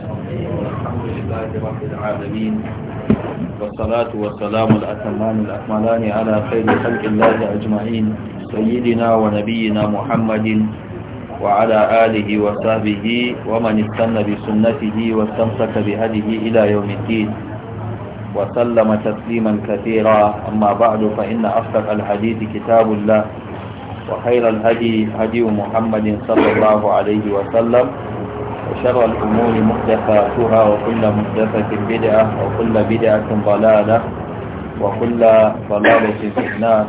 الحمد لله رب العالمين والصلاة والسلام الأتمان الأكملان على خير خلق الله أجمعين سيدنا ونبينا محمد وعلى آله وصحبه ومن استنى بسنته واستمسك بهده إلى يوم الدين وسلم تسليما كثيرا أما بعد فإن أصدق الحديث كتاب الله وخير الهدي هدي محمد صلى الله عليه وسلم وشر الأمور محدثاتها وكل محدثة بدعة وكل بدعة ضلالة وكل ضلالة في الناس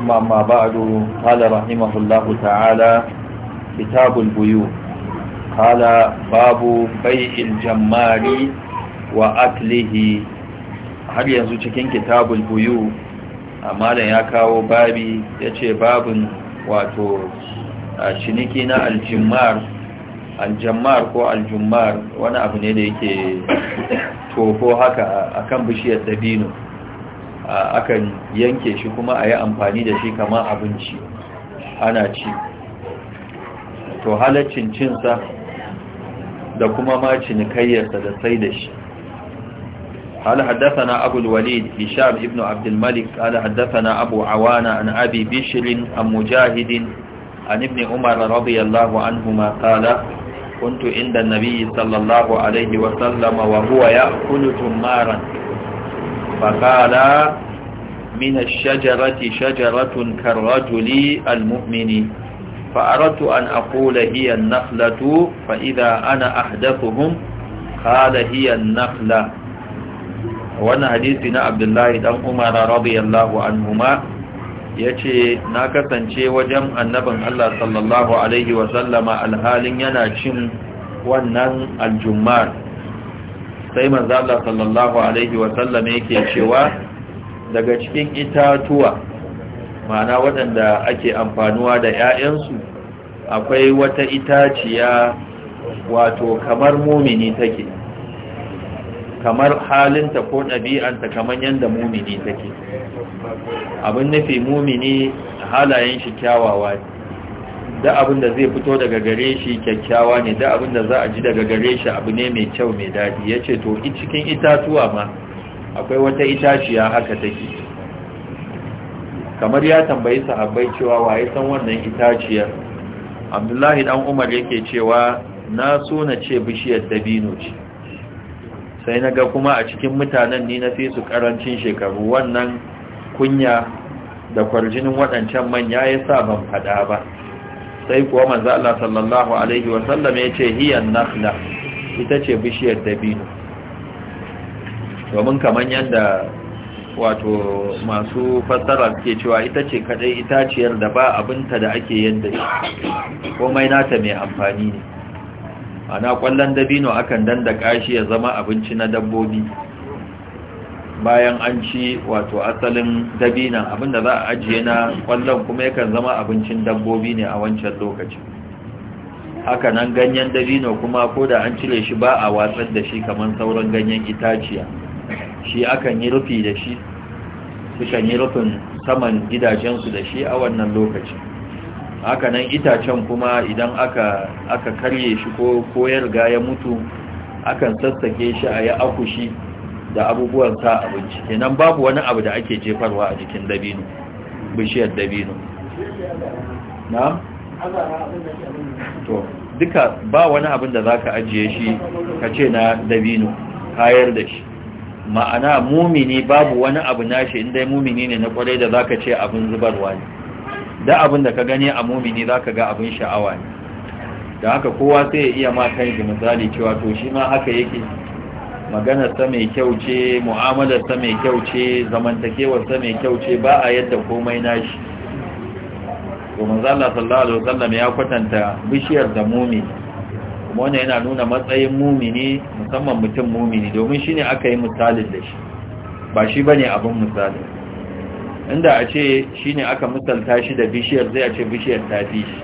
ثم أما بعد قال رحمه الله تعالى كتاب البيوع قال باب بيع الجمال وأكله har yanzu cikin kitabul buyu amma da ya kawo babi ya ce babin wato ciniki na aljimar aljammar ko aljummar wani abu ne da yake toho haka akan bishiyar dabino akan yanke shi kuma a yi amfani da shi kama abinci ana ci to halaccin cinsa da kuma ma cinikayyarsa da sai da shi قال حدثنا أبو الوليد ibnu ابن عبد الملك قال حدثنا أبو عوانة عن أبي بشر عن مجاهد عن ابن عمر رضي الله عنهما قال كنت عند النبي صلى الله عليه وسلم وهو يأكل تمارا فقال من الشجرة شجرة كالرجل المؤمن فأردت أن أقول هي النخلة فإذا أنا أحدثهم قال هي النخلة وانا حديثنا عبد الله بن عمر رضي الله عنهما ya ce na kasance wajen annabin Allah sallallahu Alaihi wasallama alhalin yana cin wannan aljumar sai maza Allah sallallahu Alaihi wasallama yake cewa daga cikin itatuwa ma'ana waɗanda ake amfanuwa da 'ya'yansu akwai wata itaciya wato kamar mumini take kamar halinta ko ɗabi'anta kamar yadda mumini take abin nufi mumini halayen shi kyawawa ne da abin da zai fito daga gare shi kyakkyawa ne da abin da za a ji daga gare shi abu ne mai kyau mai daɗi ya ce to cikin itatuwa ma akwai wata itaciya haka take kamar ya tambayi sahabbai cewa waye san wannan itaciyar abdullahi dan umar yake cewa na so na ce bishiyar dabino ce sai na ga kuma a cikin mutanen ni na fi su karancin shekaru wannan kunya da kwarjinin waɗancan manya ya sa ban faɗa ba sai kuwa manzo Allah sallallahu alaihi wa sallam ya ce hiya nakhla ita ce bishiyar dabino domin kaman yanda wato masu fassara ke cewa ita ce kadai itaciyar da ba abinta da ake yanda shi komai nata mai amfani ne ana kwallon dabino akan danda kashi ya zama abinci na dabbobi bayan an ci wato asalin dabinan abinda za a ajiye na kwallon kuma yakan zama abincin dabbobi ne a wancan lokaci haka nan ganyen dabino kuma ko da an cire shi ba a watsar da shi kamar sauran ganyen itaciya shi akan yi rufi da shi sukan yi rufin saman gidajensu da shi a wannan lokacin. hakanan itacen kuma idan aka aka karye shi ko koyar ya ya mutu akan sassake shi a ya akushi da abubuwan sa abinci kenan babu wani abu da ake jefarwa a jikin dabino bishiyar dabino na? to duka ba wani abin da za ka ajiye shi ka ce na dabino kayar da shi ma'ana mumini babu wani abu nashi inda mumini ne na kwarai da za ka ce abin zubarwa ne da abin da ka gani a mumini za ka ga abin sha'awa ne da haka kowa sai ya iya ma kai da misali cewa to shi ma haka yake ta mai kyau ce mu'amala ta mai kyau ce ta mai kyau ce ba a yadda komai nashi to manzala sallallahu alaihi wasallam ya kwatanta bishiyar da mumini kuma wannan yana nuna matsayin mumini musamman mutum mumini domin shine aka yi misalin da shi ba shi bane abin misalin inda a ce shi ne aka misalta shi da bishiyar zai a ce bishiyar ta fi shi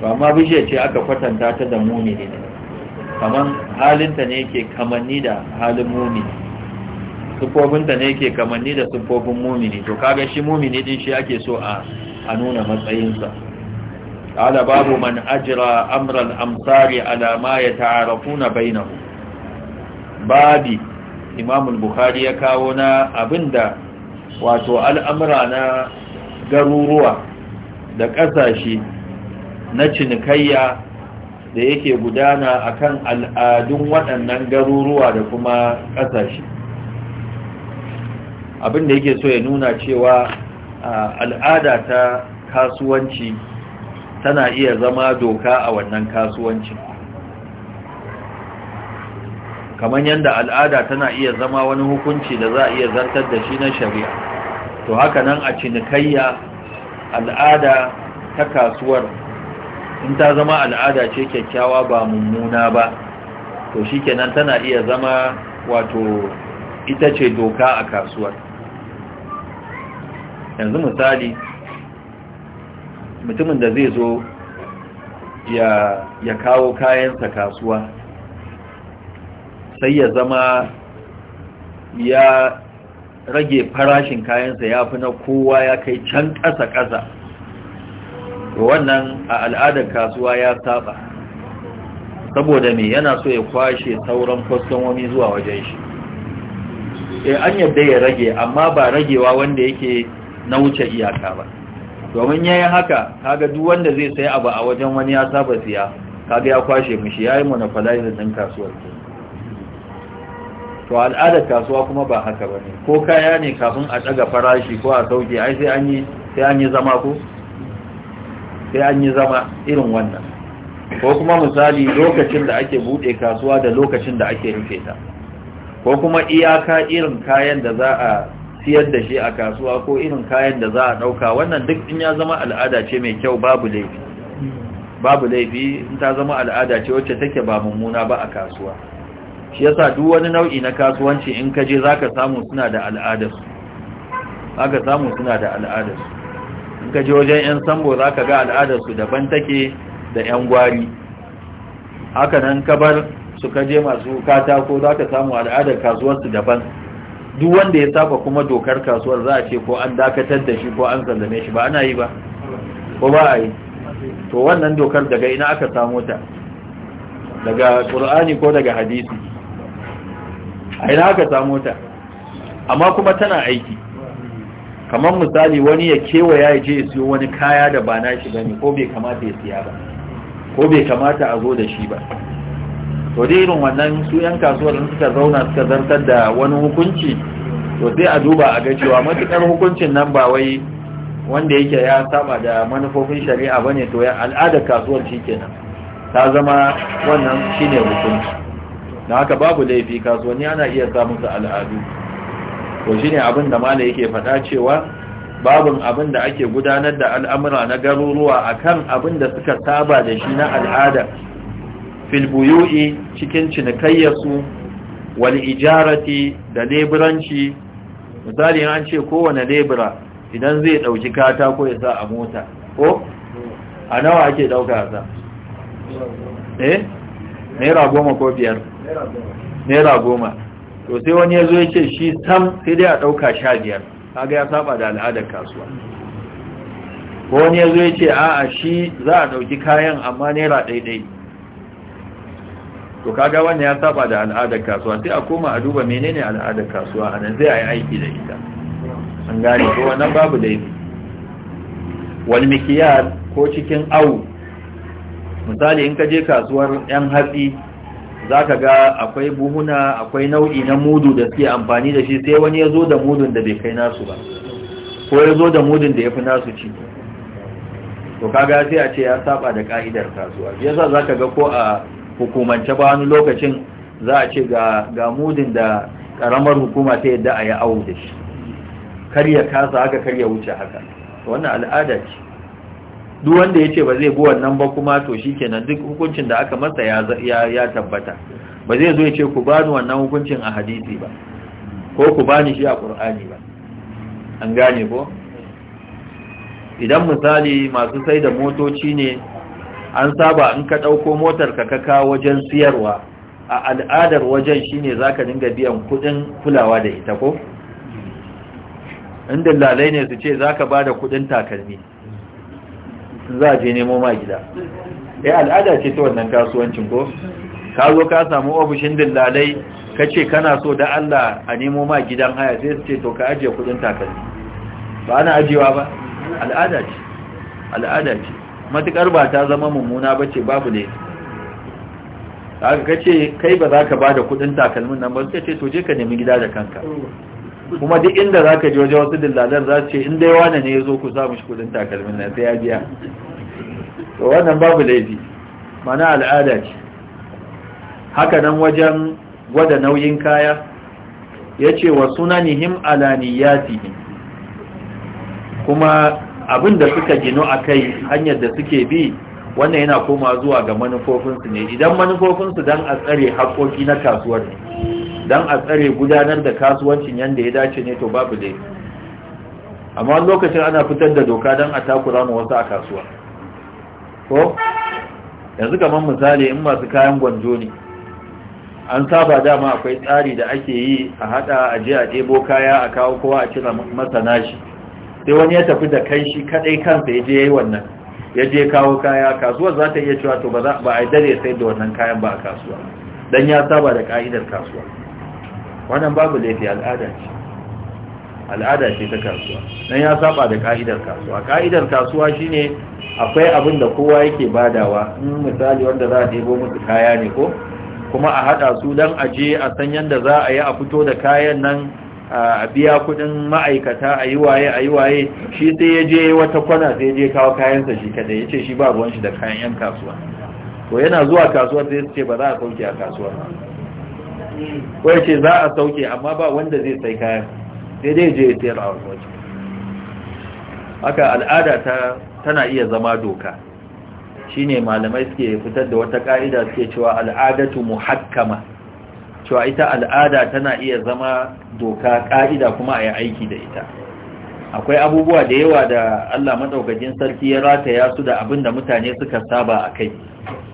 ba ma bishiyar ce aka kwatanta ta da muni ne kamar halinta ne ke kamanni da halin muni sufofinta ne ke kamanni da sufofin ne to kaga shi mumini din shi ake so a nuna matsayinsa ala babu man ajira amral amsari ala ma ya na bainahu babi imamul bukhari ya kawo na abinda wato al'amura na garuruwa da ƙasashe na cinikayya da yake gudana a kan al'adun waɗannan garuruwa da kuma ƙasashe abin da yake so ya nuna cewa al'ada ta kasuwanci tana iya zama doka a wannan kasuwancin kamar yadda al'ada tana iya zama wani hukunci da za a iya zartar da shi na shari'a to haka nan a cinikayya al'ada ta kasuwar in ta zama al'ada ce kyakkyawa ba mummuna ba to shi kenan tana iya zama wato ita ce doka a kasuwar yanzu misali mutumin da zai zo ya kawo kayansa kasuwa sai ya zama ya rage farashin kayansa ya fi na kowa ya kai can ƙasa-ƙasa wannan a al'adar kasuwa ya saba saboda me yana so ya kwashe sauran kwastomomi zuwa wajen shi e an yadda ya rage amma ba ragewa wanda yake na wuce iyaka ba domin ya yi haka kaga duk wanda zai sai abu a wajen wani ya saba siya kaga ya kwashe mishi ya yi monopolizing ɗin kasuwar ke to al'adar kasuwa kuma ba haka ba ne ko kaya ne kafin a ɗaga farashi ko a sauke ai sai an yi zama ko sai an yi zama irin wannan ko kuma misali lokacin da ake buɗe kasuwa da lokacin da ake rufe ta ko kuma iyaka irin kayan da za a siyar da shi a kasuwa ko irin kayan da za a ɗauka wannan duk in ya zama al'ada ce mai kyau babu laifi babu laifi in ta zama al'ada ce wacce take ba mummuna ba a kasuwa shi yasa duk wani nau'i na kasuwanci in ka je zaka samu suna da al'adarsu zaka samu suna da in ka wajen yan sambo zaka ga al'adarsu daban take da yan gwari haka nan bar su kaje masu katako zaka samu al'adar su daban duk wanda ya saba kuma dokar kasuwar za a ce ko an dakatar da shi ko an sallame shi ba ana yi ba ko ba a yi to wannan dokar daga ina aka samo ta daga ƙur'ani ko daga hadisi a ina aka samu ta amma kuma tana aiki kamar misali wani ya kewaya ya je ya siyo wani kaya da ba na shi bane ko bai kamata ya siya ba ko bai kamata a zo da shi ba to dai irin wannan su yan kasuwar suka zauna suka zartar da wani hukunci to sai a duba a ga cewa matukar hukuncin nan ba wai wanda yake ya saba da manufofin shari'a bane to ya al'adar kasuwar kenan ta zama wannan shine hukunci Da haka babu laifi kasuwanni ana iya sa musu al'adu shi ne abin da mala yake faɗa cewa babin abin da ake gudanar da al'amura na garuruwa a kan abin da suka saba da shi na al'ada filbuyu'i cikin cinikayyarsu wani ijarati da leburanci misali an ce kowane lebura idan zai ɗauki katako ya sa a mota ko a nawa ake ɗauka sa eh naira goma ko biyar naira goma to sai wani ya zo ya ce shi sam sai dai a ɗauka sha biyar kaga ya saba da al'adar kasuwa ko wani ya zo ya ce a'a shi za a ɗauki kayan amma naira ɗaiɗai to kaga wannan ya saba da al'adar kasuwa sai a koma a duba menene al'adar kasuwa a nan zai a yi aiki da ita an gane ko wannan babu laifi wani mikiyar ko cikin awu misali in ka je kasuwar yan hatsi za ka ga akwai buhuna akwai nau'i na mudu da suke amfani da shi sai wani ya zo da mudun da bai kai nasu ba ko ya zo da mudun da ya fi nasu ci to kaga sai a ce ya saba da ka'idar kasuwa shi yasa za ka ga ko a hukumance ba wani lokacin za a ce ga mudun da karamar hukuma ta yadda a yi awo da shi kar ya kasa haka kar ya wuce haka wannan al'ada ce duk wanda ya ce ba zai bi wannan ba kuma to shi kenan duk hukuncin da aka masa ya tabbata ba zai zo ya ce ku bani wannan hukuncin a hadisi ba ko ku bani shi a ƙur'ani ba an gane ko idan misali masu sai da motoci ne an saba in ka ɗauko motar ka kaka wajen siyarwa a al'adar wajen shine za ka dinga biyan kuɗin kulawa da ita ko in dillalai ne su ce za ka ba da kuɗin takalmi za je nemo ma gida ya eh, al'ada ce ta wannan kasuwancin ko ka zo ka samu ofishin dillalai ka ce kana so da Allah a nemo ma gidan haya sai su ce to ka ajiye kudin takalmi ba ana ajiyewa ba al'ada ce al'ada ce matukar ba ta zama mummuna ba ce babu ne ka ce kai ba za ka ba da kudin takalmin nan ba suka ce to je ka nemi gida da kanka kuma duk inda za ka waje wasu dillalar za ce inda yawa wane ne ya zo ku samu shi kuɗin takalmin na sai ya biya to wannan babu laifi mana al'ada ce haka nan wajen gwada nauyin kaya ya ce wa suna nihim alaniyati kuma abin da suka gino a kai hanyar da suke bi wannan yana koma zuwa ga manufofinsu ne idan manufofinsu don a tsare haƙoƙi na kasuwar don a tsare gudanar da kasuwancin yadda ya dace ne to babu dai amma lokacin ana fitar da doka don a takura mu wasu a kasuwa ko yanzu kamar misali in masu kayan gwanjo ne an saba dama akwai tsari da ake yi a hada a je a debo kaya a kawo kowa a cire masana shi, sai wani ya tafi da kai shi kadai kansa ya je yayi wannan ya je kawo kaya kasuwar za ta iya cewa to ba a dare sai da wannan kayan ba a kasuwa dan ya saba da ka'idar kasuwa wannan babu laifi al'ada ce al'ada ce ta kasuwa nan ya saba da ka'idar kasuwa ka'idar kasuwa shine akwai abin da kowa yake badawa in misali wanda za a debo musu kaya ne ko kuma a haɗa su dan a je a san yadda za a yi a fito da kayan nan a biya kuɗin ma'aikata a yi waye a yi waye shi sai ya je wata kwana sai ya je kawo kayansa shi kada ya ce shi ba ruwan shi da kayan 'yan kasuwa to yana zuwa kasuwa sai ce ba za a sauke a kasuwa ko ya ce za a sauke amma ba wanda zai sai kayan sai dai je ya sayar a wani waje haka al'ada ta tana iya zama doka shine malamai suke fitar da wata ƙa'ida suke cewa al'adatu muhakkama cewa ita al'ada tana iya zama doka ƙa'ida kuma a yi aiki da ita akwai abubuwa da yawa da Allah madaukakin sarki ya rataya su da abin da mutane suka saba a kai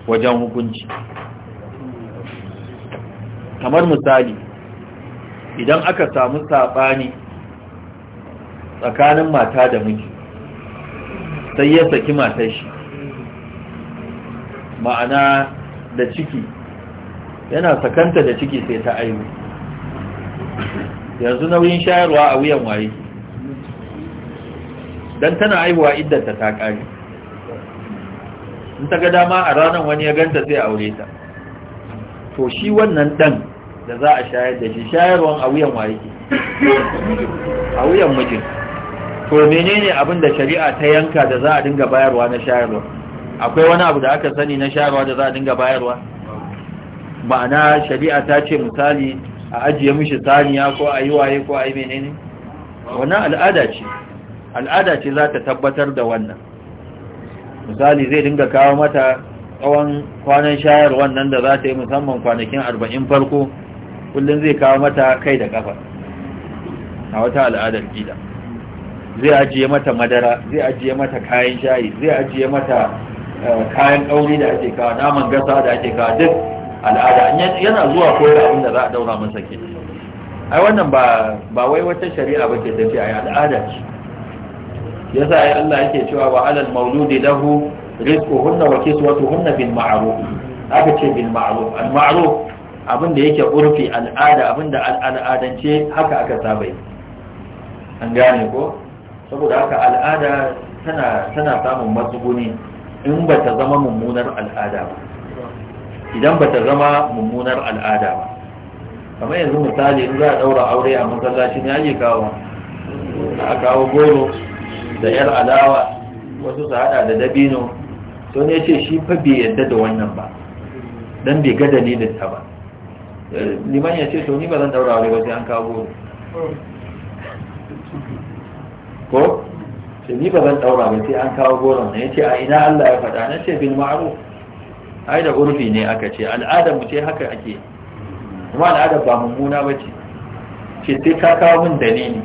wajen hukunci kamar misali idan aka samu saɓani tsakanin mata da miji sai ya saki matar shi ma'ana da ciki yana sakanta da ciki sai ta aiwu yanzu nauyin shayarwa a wuyan waye don tana aihuwa iddanta ta kare in ta ga dama a ranar wani ya ganta sai aure ta to shi wannan dan da za a shayar da shi shayarwan a wuyan waye a wuyan mijin to menene abin da shari'a ta yanka da za a dinga bayarwa na shayarwa akwai wani abu da aka sani na shayarwa da za a dinga bayarwa ma'ana shari'a ta ce misali a ajiye mishi saniya ko a yi waye ko a yi menene wannan al'ada ce al'ada ce za ta tabbatar da wannan misali zai dinga kawo mata tsawon kwanan shayarwa nan da za ta yi musamman kwanakin arba'in farko kullum zai kawo mata kai da kafa a wata al'adar gida zai ajiye mata madara zai ajiye mata kayan shayi zai ajiye mata eh, kayan ƙauri da ake kawo naman gasa da ake kawo duk al'ada yana zuwa koyar abin da za a daura masa ke ai wannan ba ba wai wata shari'a ba ke tafi a al'ada ce sa ai Allah yake cewa wa alal mauludi lahu rizquhunna wa kiswatuhunna bil ma'ruf aka ce bil ma'ruf al ma'ruf abin da yake urfi al'ada abin da al'adance haka aka saba yi an gane ko saboda haka al'ada tana samun matsuguni in ba ta zama mummunar al'ada ba idan ba ta zama mummunar al'ada ba kamar yanzu misali in za a daura aure a masallaci ne ake kawo a kawo goro da yar alawa wasu su hada da dabino to ya ce shi fa bai yadda da wannan ba dan bai ga dalilin ta ba liman ya ce to ni ba zan daura ba sai an kawo goro ko sai ni ba zan daura ba sai an kawo goron ne yace a ina Allah ya faɗa na ce bil ma'ruf ai da urfi ne aka ce al'adar mu ce haka ake kuma al'adar ba mummuna bace ce sai ka kawo min dalili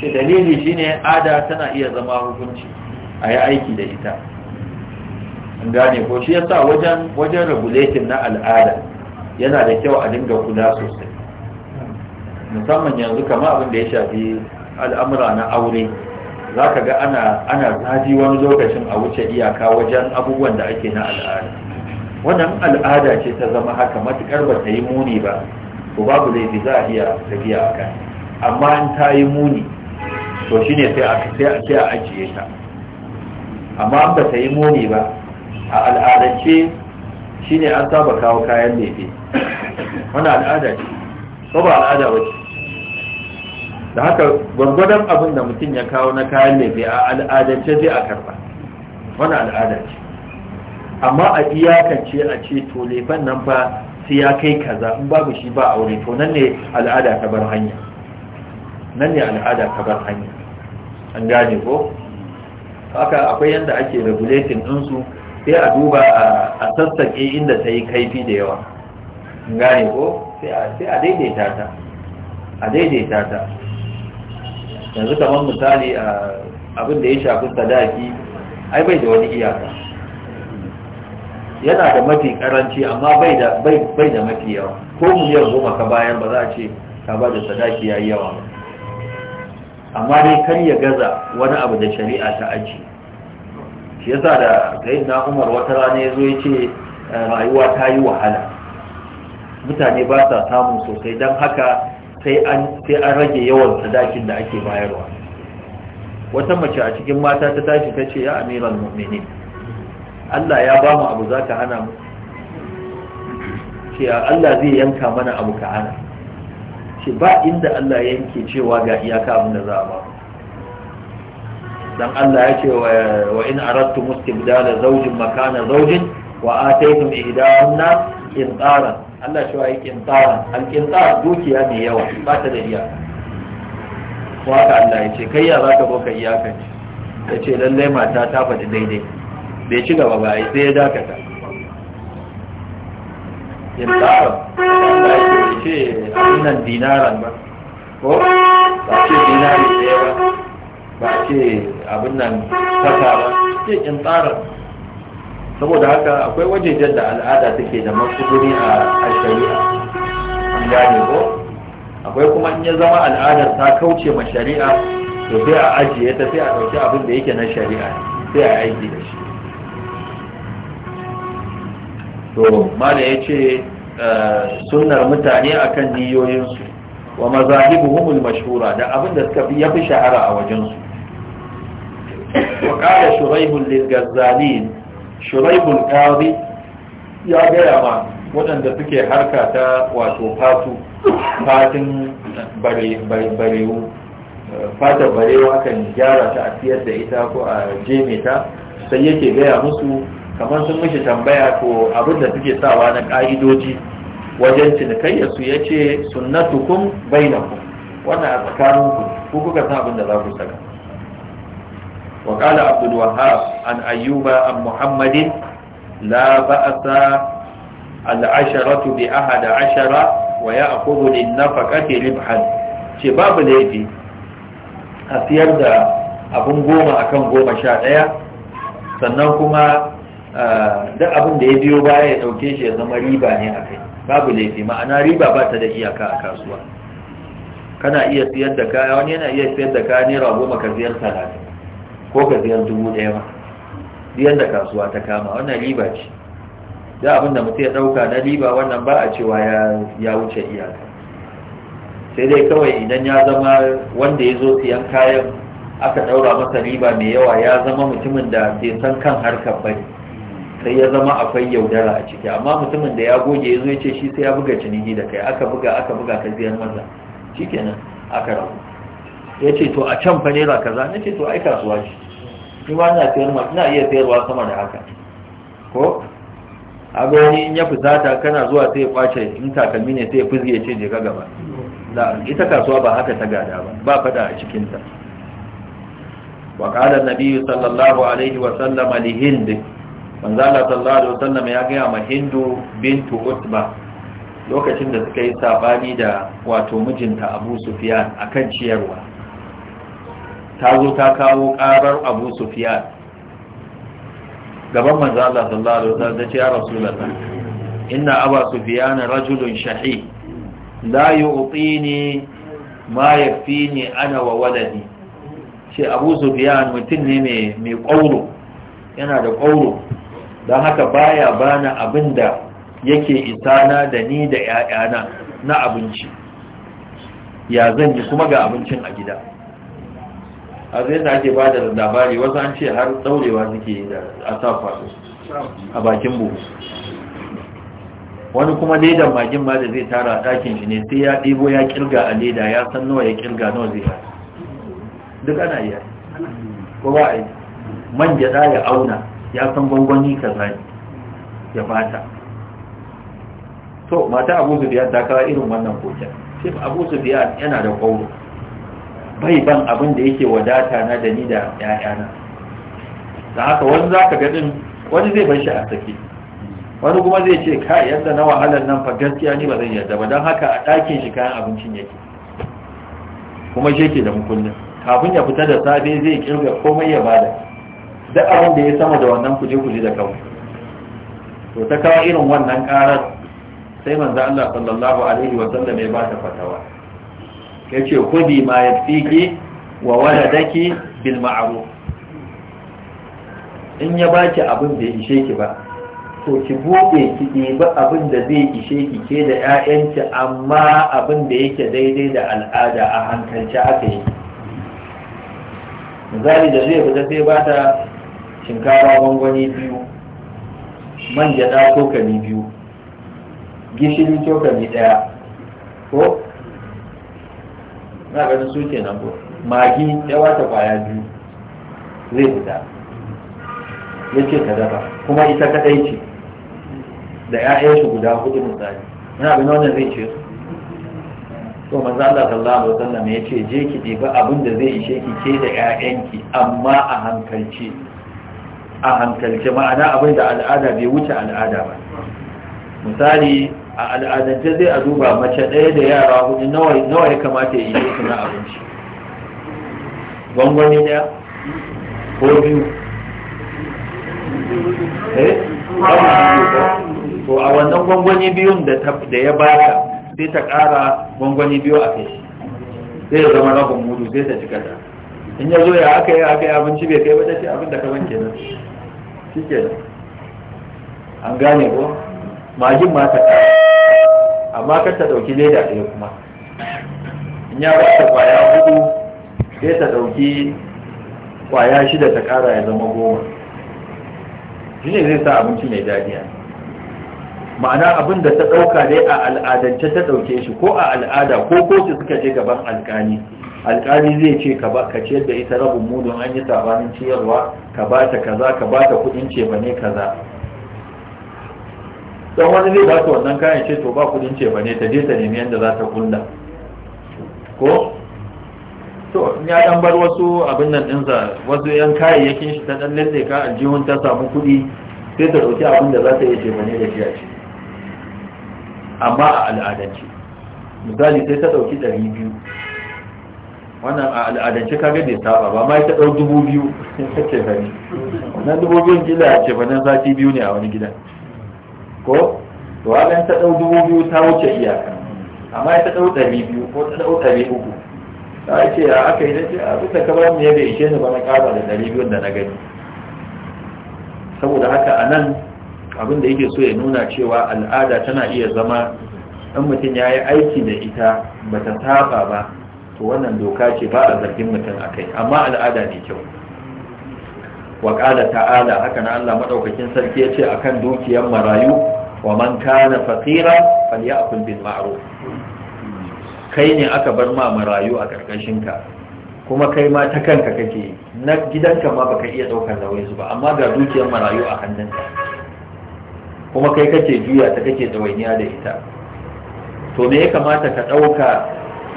ce dalili shine ada tana iya zama hukunci a yi aiki da ita an gane ko shi yasa wajen wajen regulating na al'ada yana da kyau a dinga kula sosai musamman yanzu kama abin da ya shafi al'amura na aure za ka ga ana zafi wani lokacin a wuce iyaka wajen abubuwan da ake na al'ada wannan al'ada ce ta zama haka matuƙar ba ta yi muni ba ko babu laifi za a iya tafiya a kan amma in ta yi muni to shine sai a ajiye ta amma an ba ta yi muni ba a al'adance shine an saba kawo kayan laifi. wani al'ada ce ko ba al'ada ba ce da haka gwargwadon abin da mutum ya kawo na kayan lefe a al'adance zai a karba wani al'ada ce amma a iyakance a ce to lefen nan fa sai ya kai kaza in babu shi ba aure to nan ne al'ada ta bar hanya nan ne al'ada ta bar hanya an gane ko haka akwai yadda ake regulating ɗinsu sai a duba a sassaƙe inda ta yi kaifi da yawa gane ko sai a daidaita ta a daidaita ta yanzu kamar misali a abin da ya shafi sadaki ai bai da wani iyaka yana da mafi karanci amma bai da bai mafi yawa ko yau goma ka bayan ba za a ce ka ba da sadaki yayi yawa amma dai kar ya gaza wani abu da shari'a ta aji shi yasa da gayin na umar wata rana ya zo ya ce eh, rayuwa ta yi wahala mutane ba sa samu sosai don haka sai an rage yawan sadakin da ake bayarwa wata mace a cikin mata ta tashi ta ce ya amiran Allah ya ba mu abu za ka hana mu ce Allah zai yanka mana abu ka hana ce ba inda Allah yanke cewa ga iyaka abin da za a ba dan Allah ya ce wa in aradtu mustibdala zawjin makana zawjin wa ataytum ihdahunna in qara Allah wayi kintara al kintara dukiya mai yawa ba ta da iyaka ko haka Allah ya ce kai ya zaka go kai ya ce ya ce lallai mata ta faɗi daidai bai ci gaba ba sai ya dakata kintara Allah ya ce annan dinaran ba ko ba ce dinari ɗaya ba ba ce abin nan saka ba ce kintara saboda haka akwai wajejen da al'ada take da matsuguni a shari'a an gane ko akwai kuma in ya zama al'adar ta kauce ma shari'a to sai a ajiye ta sai a ɗauki abin da yake na shari'a sai a aiki da shi to mala ya ce eh, sunnar mutane akan niyoyinsu wa mazahibuhumul mashhura da abin da suka yafi shahara a wajensu wa qala shuraihul lil shuraibul qadi ya gaya ma waɗanda suke harka ta wato fatu fatin barewu fatar barewa kan gyara ta a siyar da ita ko a jeme ta sai yake gaya musu kamar sun mishi tambaya ko abinda suke sawa na ƙa'idoji wajen cinikayyarsu, su ya ce sunnatukum bainakum wannan a tsakaninku ku kuka san abinda za ku saka وقال عبد الوهاب عن أيوب عن محمد لا بأس العشرة بأحد عشر ويأخذ للنفقة ربحا شباب ليفي أسير دا abin goma akan goma sha ɗaya sannan kuma duk abin da ya biyo baya ya dauke shi ya zama riba ne a kai babu laifi ma'ana riba ba ta da iyaka a kasuwa kana iya siyar da kaya wani yana iya siyar da kaya naira goma ka siyar talatin ko ka biyan dubu ɗaya ba biyan da kasuwa ta kama wannan riba ce da abin da mutum ya ɗauka na riba wannan ba a cewa ya wuce iyaka sai dai kawai idan ya zama wanda ya zo siyan kayan aka ɗaura masa riba mai yawa ya zama mutumin da bai san kan harkar bai sai ya zama akwai yaudara a ciki amma mutumin da ya goge ya zo ya ce shi sai ya buga ciniki da kai aka buga aka buga ka biyan maza shikenan aka rabu ya ce to a can fa naira kaza na ce to ai kasuwa ce kuma ma sayar ma na iya sayarwa sama da haka ko a gani in ya fusata kana zuwa sai ya kwace in takalmi ne sai ya fizge ya ce je ka gaba da ita kasuwa ba haka ta gada ba ba fada a cikin ta wa qala nabi sallallahu alaihi wa sallama li hind manzo Allah sallallahu alaihi wa sallama ya ga ma hindu bintu utba lokacin da suka yi sabani da wato mijinta Abu Sufyan akan ciyarwa ta zo ta kawo karar abu sufiyan gaban manzo Allah sallallahu alaihi wasallam ce ya rasulullah inna aba sufiyana rajulun shahi la yu'tini ma yafini ana wa waladi ce abu sufiyan mutum ne mai mai kauro yana da kauro Dan haka baya bana abinda yake isana da ni da 'ya'yana na abinci ya zan yi kuma ga abincin a gida a zai da ake ba da labari wasu an ce har tsaurewa suke da asafa a bakin buhu wani kuma ledan magin ma da zai tara a ɗakin shi ne sai ya ɗebo ya kirga a leda ya san nawa ya kirga nawa zai haɗa duk ana iya ko ba a yi man gyaɗa ya auna ya san gwangwani ka zai ya fata to mata abu su biya ta kawo irin wannan koken shi abu su biya yana da ƙwauro bai ban abin da yake wadata na da ni da ‘ya'yana da haka wani za ka gadin wani zai bai shi a sake wani kuma zai ce ka yadda na wahalar nan fa gaskiya ni ba zan yadda ba don haka a ɗakin shi kayan abincin yake kuma shi ke da mukullin kafin ya fita da safe zai kirga komai ya bada duk abin da ya sama da wannan kuje-kuje da kawai to ta kawo irin wannan karar sai manzo Allah sallallahu alaihi wa sallam ya ba ta fatawa ya ce kudi ma ya fiki wa waladaki bil ma'ruf in ya baki abin da ya ishe ki ba to ki buɗe ki ɗiba abin da zai ishe ki ke da 'ya'yanki amma abin da yake daidai da al'ada a hankalci haka yi misali da zai fita sai ba ta shinkafa gwangwani biyu man gyaɗa cokali biyu gishiri cokali ɗaya ko na ganin su ke nan ko magi ya wata kwaya biyu zai fita ya ce ta dafa kuma ita kadai ce da 'ya'yan shi guda hudu misali na ganin wannan zai ce su to manzo Allah sallallahu alaihi wasallam ya ce je ki dibi abin da zai ishe ki ke da ƴaƴanki amma a hankalce a hankalce ma'ana abin da al'ada bai wuce al'ada ba misali a al'adance zai a duba mace ɗaya da yara hudu nawa ya kamata ya yi su na abinci gwangwani ɗaya ko biyu eh to a wannan gwangwani biyun da ya baka sai ta ƙara gwangwani biyu a kai sai ya zama rabin mudu sai ta cika ta in ya zo ya aka yi aka yi abinci bai kai ba ta ce abin da ka ban kenan shi kenan an gane ko majin ma ta amma kar ta ɗauki leda ɗaya kuma in ya bata kwaya hudu sai ta ɗauki kwaya shida ta kara ya zama goma shi ne zai sa abinci mai daɗiya ma'ana abin da ta ɗauka dai a al'adance ta ɗauke shi ko a al'ada ko kotu suka je gaban alƙali alƙali zai ce ka ba ka ciyar da ita rabin mudun an yi sabanin ciyarwa ka ba ta kaza ka ba ta kuɗin ne kaza don wani zai ba ta wannan kayan ce to ba kudin ce ba ne ta je ta nemi yadda za ta kulla ko to ya dan bar wasu abin nan dinsa wasu yan kayayyakin shi ta dan lalle ka aljihun ta samu kuɗi sai ta dauki abin da za ta yi ce ba ne da shi a ce amma a al'adance misali sai ta ɗauki ɗari biyu wannan a al'adance kaga bai saba ba ma ta ɗau dubu biyu sai ta ce ba ne wannan dubu biyun kila ce ba nan sati biyu ne a wani gidan ko to hakan ta ɗau dubu biyu ta wuce iyaka amma ya ta ɗau ɗari biyu ko ta ɗau ɗari uku ta ce a aka yi da ce a duka ka ba mu ya bai ishe ni ba na ƙara da ɗari biyun da na gani saboda haka a nan abin da yake so ya nuna cewa al'ada tana iya zama ɗan mutum ya yi aiki da ita ba ta saba ba to wannan doka ce ba a zargin mutum a kai amma al'ada ne kyau wa qala ta'ala haka na Allah maɗaukakin sarki yace akan dukiyar marayu wa man kana faqira falyakul bil ma'ruf kai ne aka bar ma marayu a karkashin ka kuma kai ma ta kanka kake na gidanka ma baka iya daukar nauyin su ba amma ga dukiyar marayu a hannunka kuma kai kake juya ta kake dawainiya da ita to me ya kamata ka ɗauka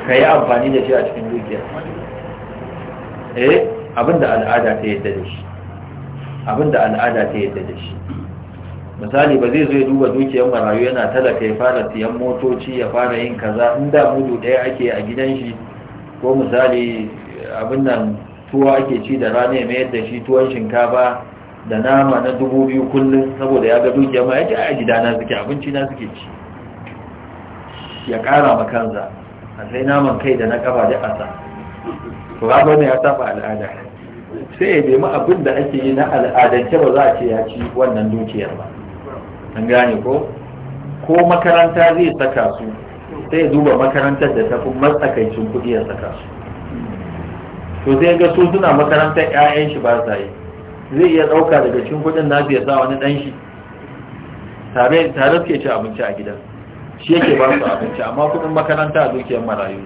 ka yi amfani da shi a cikin dukiyar? eh abinda al'ada ta yadda da shi Abin da al'ada ta yadda da shi misali ba zai zo ya duba dukiyar marayu yana talaka ya fara siyan motoci ya fara yin kaza in da mudu ɗaya ake a gidan shi ko misali abin nan tuwa ake ci da rana ya mayar da shi tuwon shinkafa da nama na dubu biyu kullum saboda ya ga dukiyar ma ya ce a gida na suke abinci na suke ci ya ƙara ma kansa a sai naman kai da na kafa da asa to ba ne ya saba al'ada sai ya nemi abin da ake yi na al'adance ba za a ce ya ci wannan dukiyar ba an gane ko ko makaranta zai saka su sai duba makarantar da tafi matsakaicin kuɗi ya saka su to sai ga su suna makarantar 'ya'yan shi ba sa yi zai iya ɗauka daga cikin kuɗin na zai sa wani ɗan shi tare suke ci abinci a gidan shi yake ba su abinci amma kudin makaranta a dukiyar marayu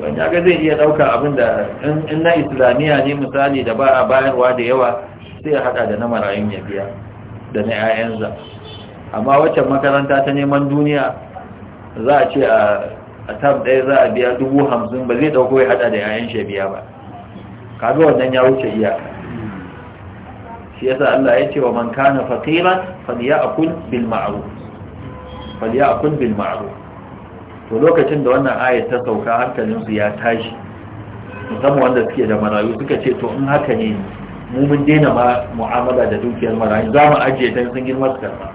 wani ga zai iya ɗauka abin da in na islamiyya ne misali da ba a bayarwa da yawa sai ya haɗa da na marayun ya biya da na 'ya'yansa amma waccan makaranta ta neman duniya za a ce a tab ɗaya za a biya dubu hamsin ba zai ɗauko ya haɗa da 'ya'yan shi biya ba kaga wannan ya wuce iya. shi yasa Allah ya ce wa man kana faqiran falyakul bil ma'ruf falyakul bil ma'ruf to lokacin da wannan ayat ta sauka hankalinsu ya tashi musamman wanda suke da marayu suka ce to in haka ne mu mun daina ma mu'amala da dukiyar marayu za mu ajiye ta sun girma su karba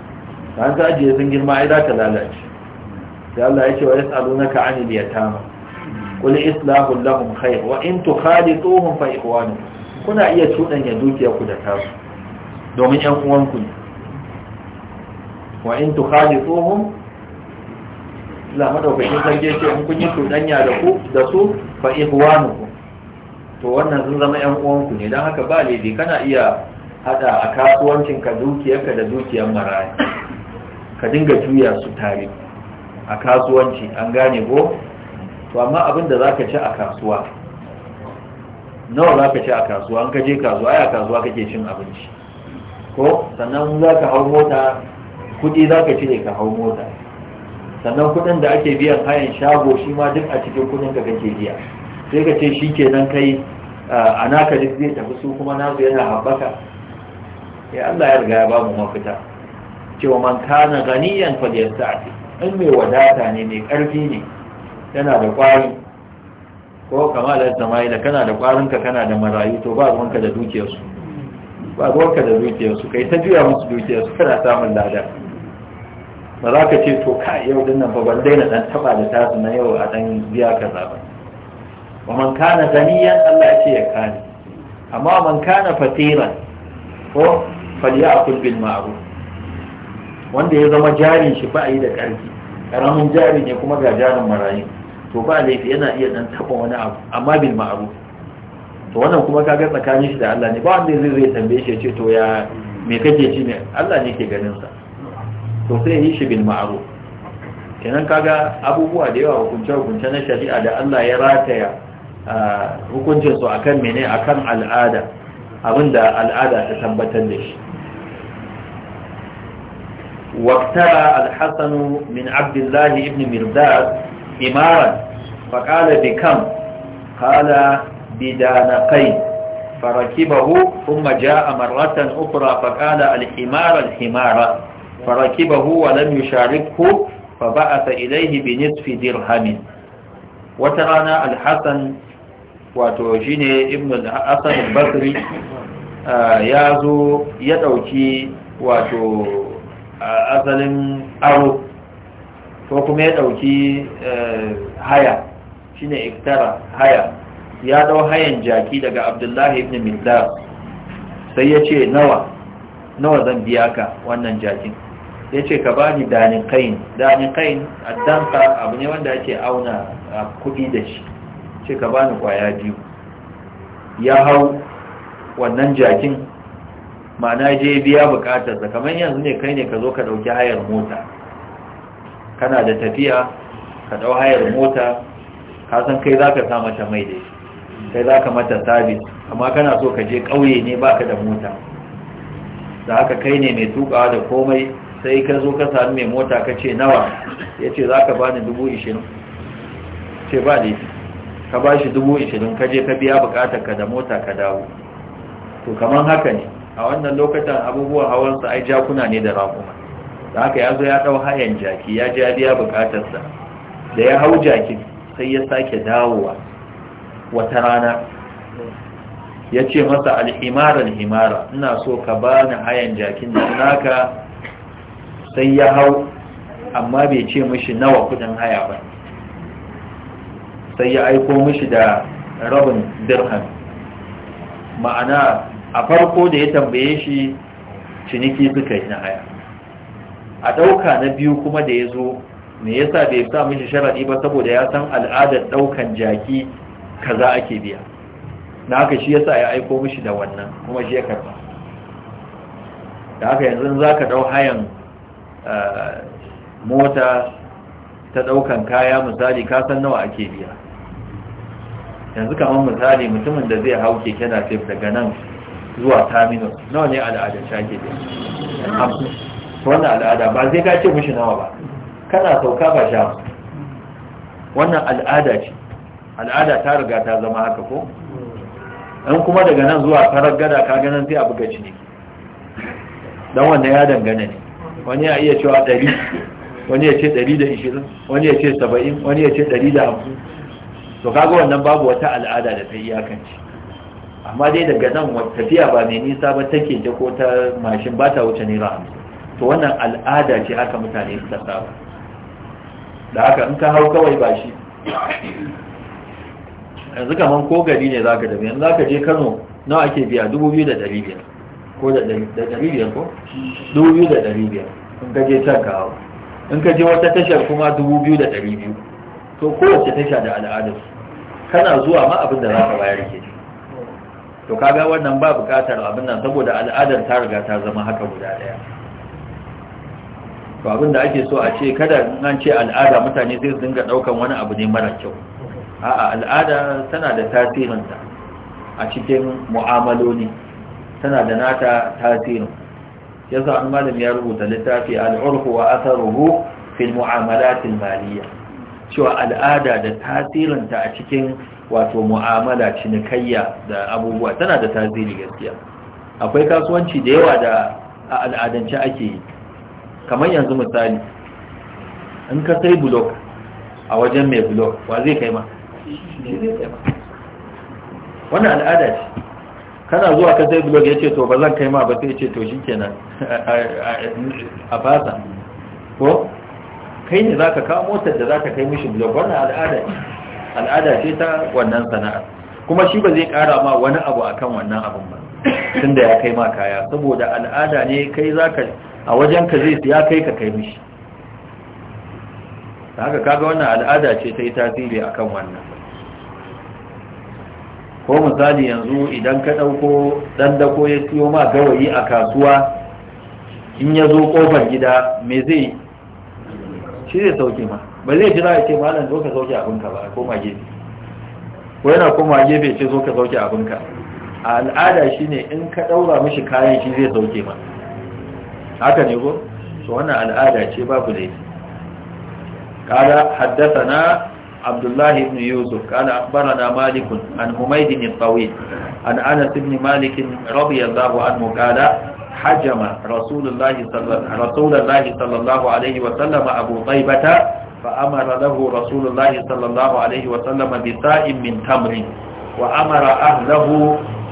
ta an ta ajiye sun girma ai za ta lalace sai Allah ya ce wa yas'alunaka 'anil yatama qul islahu lahum khair wa in tukhalituhum fa ikhwanu kuna iya cudanya dukiyar ku da tasu domin ƴan uwanku ne wa in tukhalituhum Allah madaukakin sarki ce in kun yi cuɗanya da ku da su fa ku. to wannan sun zama ƴan ku ne dan haka ba laifi kana iya hada a kasuwancin ka dukiyarka da dukiyar marayi ka dinga juya su tare a kasuwanci an gane ko to amma abin da zaka ci a kasuwa nawa zaka ci a kasuwa an ka je kasuwa ai a kasuwa kake cin abinci ko sannan za ka hau mota kudi za ka cire ka hau mota sannan kuɗin da ake biyan hayan shago shi ma duk a cikin kuɗin ka kake biya sai ka ce shi ke kenan kai a naka duk zai tafi su kuma nasu yana haɓaka ya eh, Allah ya riga ya ba mu mafita cewa man kana ganiyan fa yasta'ti in mai wadata ne mai ƙarfi ne yana da ƙwari ko kama da da kana da ƙwarinka kana da marayu to ba ruwanka da dukiyarsu ba ruwanka da dukiyarsu kai ta juya musu dukiyarsu kana samun lada ba za ka ce to ka yau din nan ban daina dan taba da tasu na yau a dan biya ka zaba wa man kana zaniyan Allah ya ce ya kani amma man kana fatira ko falyakul bil ma'ruf wanda ya zama jari shi ba yi da karfi karamin jari ne kuma ga jarin marayu to ba laifi yana iya dan taba wani abu amma bil ma'ruf to wannan kuma ka ga tsakanin shi da Allah ne ba wanda zai zai tambaye shi ya ce to ya me kake ci ne Allah ne ke ganin sa sosai sai yi shi bin ma'aru kenan kaga abubuwa da yawa hukunce-hukunce na shari'a da Allah ya rataya hukuncinsu a kan mene al'ada abinda al'ada ta tabbatar da shi waktara alhassanu min abdullahi ibn mirdad imaran faƙala bi kam ƙala bi danaƙai faraki bahu kuma ja a maratan ukura alhimara alhimara فركبه ولم يشاركه فبعث إليه بنصف درهم وترانا الحسن وتوجيني ابن الحسن البصري ya zo ya ɗauki wato asalin aro ko kuma ya ɗauki e, haya shine iftara haya ya dau hayan jaki daga abdullahi ibn mildar sai ya ce nawa nawa zan biya ka wannan jakin ya ce ka ba ni danin danikain a danka abu ne wanda ake auna a kuɗi da shi ce ka ba ni kwaya biyu ya hau wannan jakin ma'ana je biya bukatarsa kamar yanzu ne kai ne ka zo ka ɗauki hayar mota kana da tafiya ka ɗau hayar mota ka san kai za ka sa mata mai da shi, kai za ka mata sabis amma kana so ka je ƙauye ne baka da mota da haka kai ne mai tukawa da komai sai ka zo ka sami mai mota ka ce nawa ya ce za ka bani dubu ishirin ce ba ne ka ba shi dubu ishirin ka je ka biya bukatar ka da mota ka dawo to kamar haka ne a wannan lokacin abubuwan hawansa ai jakuna ne da rakuma da haka ya zo ya ɗau hayan jaki ya ja ya biya bukatarsa da ya hau jaki sai ya sake dawowa wata rana ya ce masa alhimara alhimara ina so ka bani hayan jakin da naka sai ya hau amma bai ce mishi nawa kudin haya ba sai ya aiko mishi da rabin dirham ma'ana a farko da ya tambaye shi ciniki suka yi na haya a ɗauka na biyu kuma da ya zo me sa bai sa mishi sharaɗi ba saboda ya san al'adar ɗaukan jaki kaza ake biya na haka shi sa ya aiko mishi da wannan kuma shi ya karba da haka yanzu za ka ɗau hayan Uh, mota ta ɗaukan kaya misali kasan nawa ake biya yanzu kamar misali mutumin da zai hau keke na fef daga nan zuwa terminal nawa ne al'ada ta ke biya wannan al'ada ba zai gace mishi nawa ba kana sauka ba sha wannan al'ada ce al'ada ta riga ta zama haka ko an kuma daga nan zuwa farar gada ka ganin sai abu gaci ne don wannan ya dangane ne wani ya iya cewa ɗari wani ya ce ɗari da ishirin wani ya ce saba'in wani ya ce ɗari da hamsin to kaga wannan babu wata al'ada da ta yi yakanci amma dai daga nan tafiya ba mai nisa ba ta keke ko ta mashin ba ta wuce naira hamsin to wannan al'ada ce haka mutane suka saba da haka in ka hau kawai ba shi yanzu kaman ko gari ne za ka dabi yanzu za ka je kano nawa ake biya dubu biyu da ɗari biyar ko da ɗari biyar ko dubu biyu da ɗari biyar in ka je can in ka je wata tashar kuma dubu biyu da ɗari biyu to kowace tasha da al'adar kana zuwa ma abin da za ka bayar ke to kaga wannan ba buƙatar abin nan saboda al'adar ta riga ta zama haka guda ɗaya to abin da ake so a ce kada an ce al'ada mutane zai dinga ɗaukan wani abu ne mara kyau a'a al'ada tana da tasirinta a cikin mu'amaloni. tana da nata tasirin yasa an malam ya rubuta littafi al'urfu wa atharuhu fil mu'amalat al maliyya cewa al'ada da tasirin ta a cikin wato mu'amala cinikayya da abubuwa tana da tasiri gaskiya akwai kasuwanci da yawa da a al'adance ake yi kamar yanzu misali in ka sai blog a wajen mai blog wa zai kai ma wannan al'ada ce kana zuwa ka sai blog ya ce to ba zan kai ma ba sai ce to shikenan a fasa ko kai ne za ka kawo motar da za ka kai mishi blog wannan al'ada ce al'ada ce ta wannan sana'a kuma shi ba zai kara ma wani abu akan wannan abun ba tun da ya kai ma kaya saboda al'ada ne kai za ka a wajen ka zai siya kai ka kai mishi haka kaga wannan al'ada ce ta yi tasiri akan wannan ko misali yanzu idan ka ɗauko ɗan dako ya siyo ma gawayi a kasuwa in ya zo ƙofar gida me zai shi zai sauke ma ba zai jira ya ce malam zo ka sauke abinka ba koma gefe ko yana koma gefe ce zo ka sauke abinka a al'ada shi ne in ka ɗaura mishi kayan shi zai sauke ma haka ne ko so wannan al'ada ce babu laifi قال حدثنا عبد الله بن يوسف قال أخبرنا مالك عن حميد الطويل عن أنس بن مالك رضي الله عنه قال حجم رسول الله صلى رسول الله صلى الله عليه وسلم أبو طيبة فأمر له رسول الله صلى الله عليه وسلم بساء من تمر وأمر أهله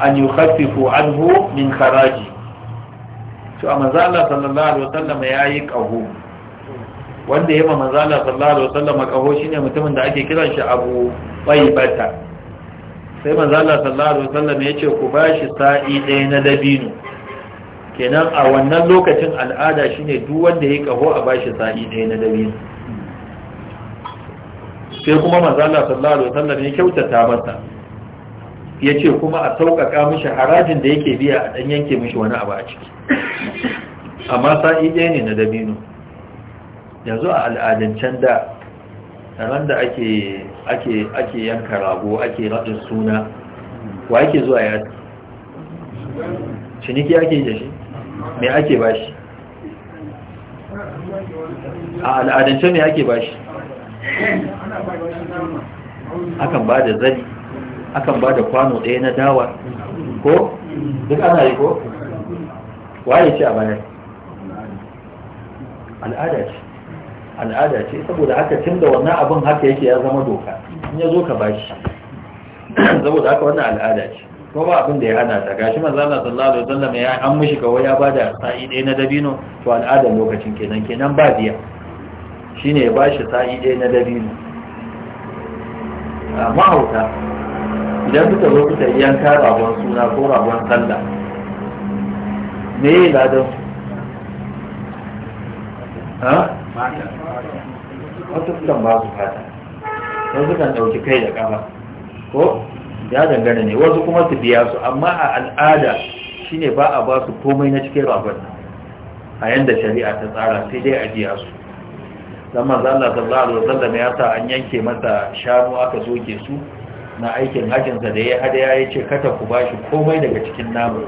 أن يخففوا عنه من خراجه شو أما زال صلى الله عليه وسلم يأيك أهوه wanda ya ma manzala sallallahu alaihi wasallam kaho shine mutumin da ake kiran shi Abu bata. sai Allah sallallahu alaihi wasallam ya ce ku bashi sa'i ɗaya na dabino kenan a wannan lokacin al'ada shine duk wanda ya kaho a bashi sa'i ɗaya na dabino sai kuma Allah sallallahu alaihi wasallam ya kyautata masa ya ce kuma a sauƙaƙa mishi harajin da yake biya a ɗan yanke mishi wani abu a ciki amma sa'i ɗaya ne na dabino yanzu a al'adancen da ran da ake yanka rago ake raɗin suna wa ake zuwa ya ciniki ake yi da shi me ake ba shi a al'adance me ake ba shi akan ba da zani akan ba da kwano ɗaya na dawa ko duk ana yi ko waye ce a bayan al'ada ce al'ada ce saboda haka tun da wannan abin haka yake ya zama doka in ya zo ka bashi saboda haka wannan al'ada ce ko ba abin da ya hana ta gashi manzo Allah sallallahu alaihi wasallam ya an mishi kawai ya bada sa'i ɗaya na dabino to al'adar lokacin kenan kenan ba biya shine ya bashi sa'i ɗaya na dabino amma ah, hauta idan suka zo suka yanka rabon suna ko rabon sallah me ya ladan su ha wata sukan ba su fata wasu kan ɗauki kai da ƙafa ko ya dangana ne wasu kuma su biya su amma a al'ada shine ba a ba su komai na cikin ragon a yadda shari'a ta tsara sai dai a biya su dan maza Allah sallallahu alaihi wasallam ya sa an yanke masa shanu aka zoke su na aikin hajjinsa da ya hada ya ce kata ku bashi komai daga cikin namu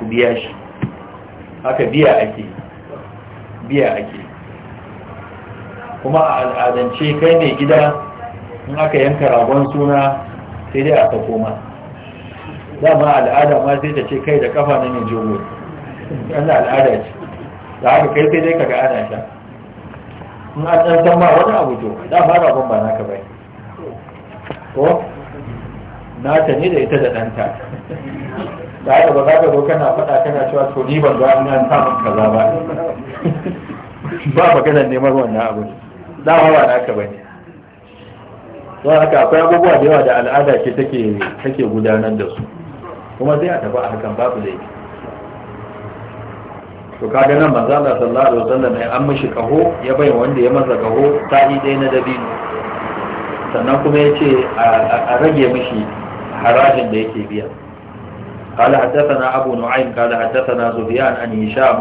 ku biya shi aka biya ake biya ake kuma a al'adance kai ne gida in aka yanka ragon suna sai dai a koma ma dama al'ada ma sai ta ce kai da kafa na ne jogo yana al'ada ce da haka kai sai dai ka ga ana sha in a ɗan san ma wani abu to dama ragon ba naka bai ko ta ne da ita da ɗanta da haka ba za ka zo kana faɗa kana cewa to ni ban yi an samun kaza ba ba kana neman wannan abu dama ba naka ba ne don haka akwai abubuwa da yawa da al'ada ce take gudanar da su kuma sai a tafi a hakan babu laifi to kaga nan manzo Allah sallallahu alaihi wasallam ya an mishi kaho ya bai wanda ya masa kaho sa'i dai na dabi sannan kuma ya ce a rage mishi harajin da yake biya قال حدثنا أبو نعيم قال حدثنا سفيان عن هشام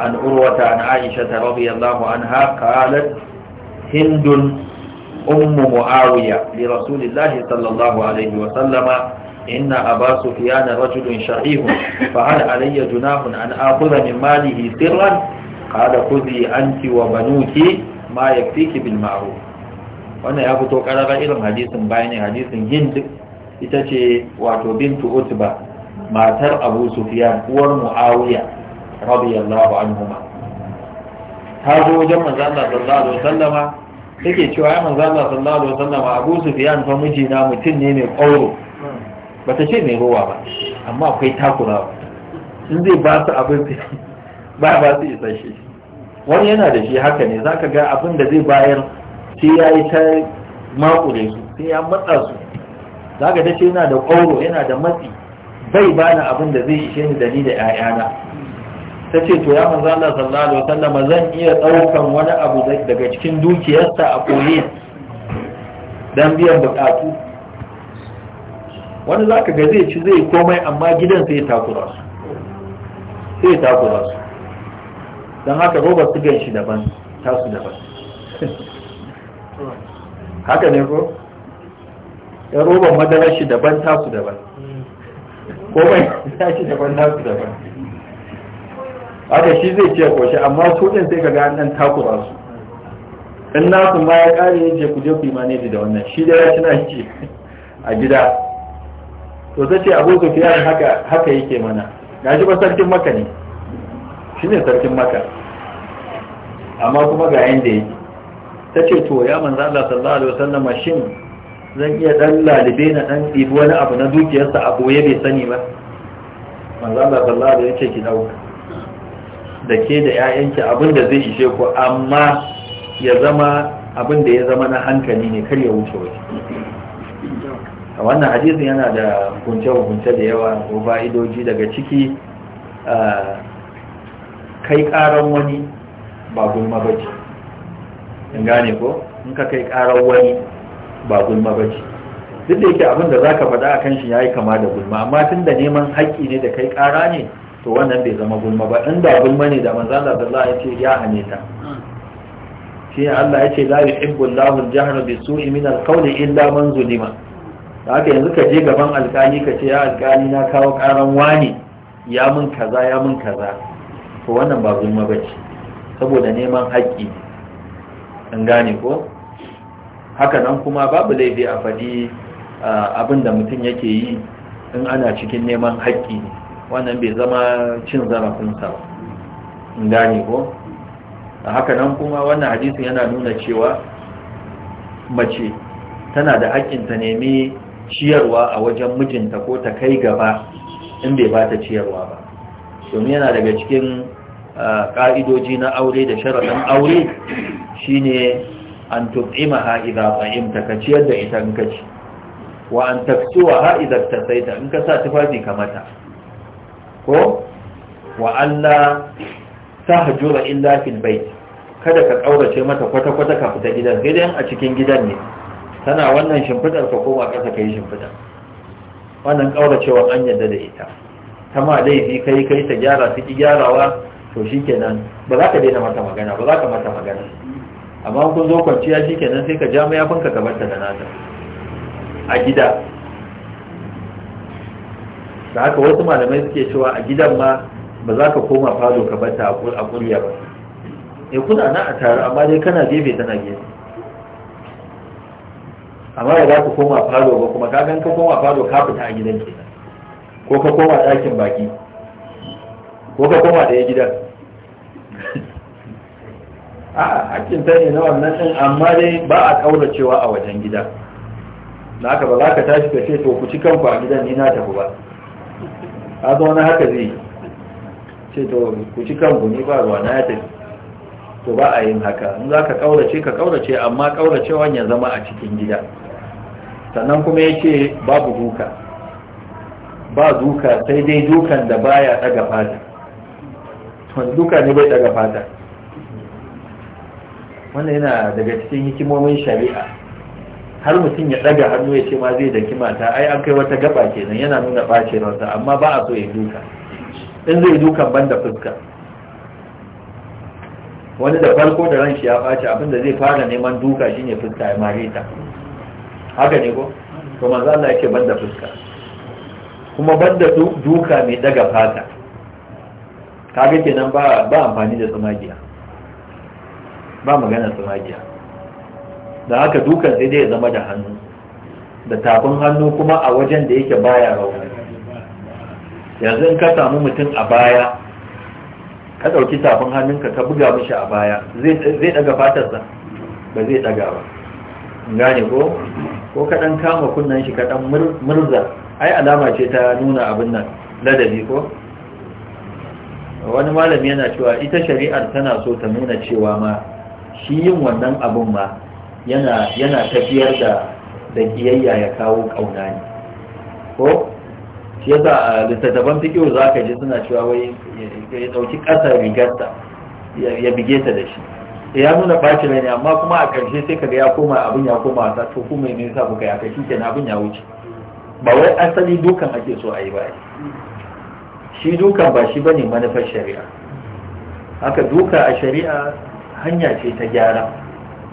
عن أروة عن عائشة رضي الله عنها قالت هند أم معاوية لرسول الله صلى الله عليه وسلم إن أبا سفيان رجل شحيح فهل علي جناح أن آخذ من ماله سرا قال خذي أنت وبنوك ما يكفيك بالمعروف وانا يا فتو قال غير حديث بين حديث هند itace wato bintu utba matar abu sufyan uwar muawiya radiyallahu anhuma ta zo wajen manzo Allah sallallahu alaihi wasallama take cewa ya manzo Allah sallallahu alaihi wasallama Abu Sufyan fa mijina mutum ne mai kauro bata ce mai ruwa ba amma akwai takura in zai ba su abin ba ba su isa shi wani yana da shi haka ne zaka ga abin da zai bayar sai ya yi ta makure su sai ya matsa su zaka ta ce yana da kauro yana da matsi bai bani abin da zai ishe ni da ni da 'ya'yana ta ce to ya manzo Allah sallallahu alaihi wasallam zan iya daukan wani abu daga cikin dukiyarsa a koyi dan biyan bukatu wani zaka ga zai ci zai komai amma gidan sai takura sai takura dan haka robar su gan shi daban tasu daban haka ne ko ya robar madarar shi daban tasu daban komai shi daban tasu daban haka shi zai ce koshi amma su din sai ga an takura su in nasu ma ya kare ya ce ku je ku imani da wannan shi da ya ci na a gida to sai ce Abu Sufyan haka haka yake mana gaji ba sarkin maka ne Shi ne sarkin maka. amma kuma ga yanda yake ce to ya manzo Allah sallallahu alaihi wasallam shin zan iya dan lalibe na dan ɗibi wani abu na dukiyarsa a boye bai sani ba manzo Allah sallallahu alaihi wasallam ya ce ki dauka da ke da 'ya'yanki abin da zai ishe ku amma ya zama abin da ya zama na hankali ne kar ya wuce waje a wannan hadisin yana da hukunce-hukunce da yawa ko fa'idoji daga ciki kai karan wani ba gulma ce in gane ko in ka kai karan wani ba gulma ce duk da yake abin da za ka faɗa a kan shi ya yi kama da gulma amma tun da neman haƙƙi ne da kai ƙara ne to wannan bai zama gulma ba inda gulma ne da manzo Allah da alaihi wasallam ya hane ta shi Allah ya ce la yuhibbu Allahu al-jahra bi su'i min al-qawli illa man zulima haka yanzu ka je gaban alkali ka ce ya alkali na kawo karan wani ya mun kaza ya mun kaza to wannan ba gulma ba ce, saboda neman haƙƙi an gane ko haka nan kuma babu laifi a faɗi abin da mutum yake yi in ana cikin neman haƙƙi ne wannan bai zama cin zarafinsa ba gane ko a haka nan kuma wannan hadisin yana nuna cewa mace tana da hakkin ta nemi ciyarwa a wajen mijinta ko ta kai gaba in bai ba ta ciyarwa ba domin yana daga cikin ƙa'idoji na aure da sharaɗin aure shine an tuɓima ha'iza fahimta ka ciyar da ita in kaci. wa an wa ha'iza ta saita in ka sa tufafi mata. ko wa Allah ta hajjura illa fil bait kada ka kaurace mata kwata kwata ka fita gidan sai dai a cikin gidan ne tana wannan shimfidar ka koma kasa kai shimfidar wannan kauracewa an yadda da ita ta ma laifi kai kai ta gyara su ki gyarawa to shikenan ba za ka daina mata magana ba za ka mata magana amma kun zo kwanciya shikenan sai ka ja mayafinka ka ta da nata a gida da haka wasu malamai suke cewa a gidan ma ba za ka koma falo ka bata a kurya ba e kuna na a tare amma dai kana gefe tana gefe amma ba za ka koma falo ba kuma ka gan ka koma falo ka fita a gidan ke ko ka koma ɗakin baki ko ka koma ɗaya gidan a hakkin ta ne na wannan ɗin amma dai ba a cewa a wajen gida na haka ba za ka tashi ka ce to ku ci kanku a gidan ni na tafi ba a zo na haka zai ce to ku ci kan ni ba ruwa na ya to ba a yin haka in za ka ƙaurace ka ƙaurace amma wani ya zama a cikin gida sannan kuma ya ce babu duka ba duka sai dai dukan da baya ɗaga fata wani duka ne bai ɗaga fata wannan yana daga cikin hikimomin shari'a har mutum ya daga hannu ya ce ma zai daki mata ai an kai wata gaba kenan yana nuna ɓace ransa amma ba a so ya duka in zai dukan banda fuska wani da farko da ran shi ya ɓace abinda zai fara neman duka shine fuska ya mare ta haka ne ko to manzo Allah yake banda fuska kuma banda duka mai daga fata kaga kenan ba ba amfani da tsamagiya ba magana tsamagiya da haka dukan sai dai ya zama da hannu da tafin hannu kuma a wajen da yake baya rauni yanzu in ka samu mutum a baya ka ɗauki tafin hannunka ka buga mishi a baya zai ɗaga fatarsa ba zai ɗaga ba gane ko ko kaɗan kama kunnan shi kaɗan murza ai alama ce ta nuna abin nan ladabi ko wani malami yana cewa ita shari'ar tana so ta nuna cewa ma shi yin wannan abin ma yana tafiyar da da kiyayya ya kawo kauna ne ko shi yasa littattafan fikiyo za ka ji suna cewa wai ya ɗauki kasa rigarta ya bige ta da shi eh, ya nuna ɓaci ne amma kuma a karshe sai kaga ya koma abin ya koma wasa to kuma ne yasa kuka ya kashi kenan abin ya wuce ba wai asali dukan ake so a yi ba shi dukan ba shi bane manufar shari'a haka duka a shari'a hanya ce ta gyara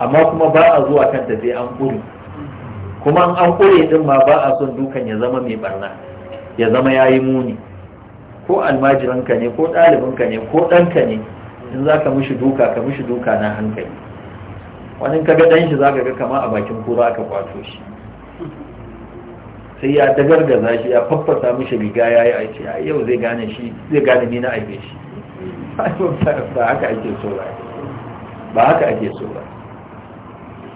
amma kuma ba a zuwa kanta sai an ƙure kuma an ƙure din ma ba a son dukan ya zama mai barna ya zama ya yi muni ko almajiranka ne ko ɗalibinka ne ko ɗanka ne in za ka mishi duka ka mishi duka na hankali wani ka ga ɗan shi za ka ga kama a bakin kura aka kwato shi sai ya dagargaza shi ya faffasa mishi riga ya yi aiki a yau zai gane shi zai gane ni na aibe shi ba haka ake so ba haka ake so ba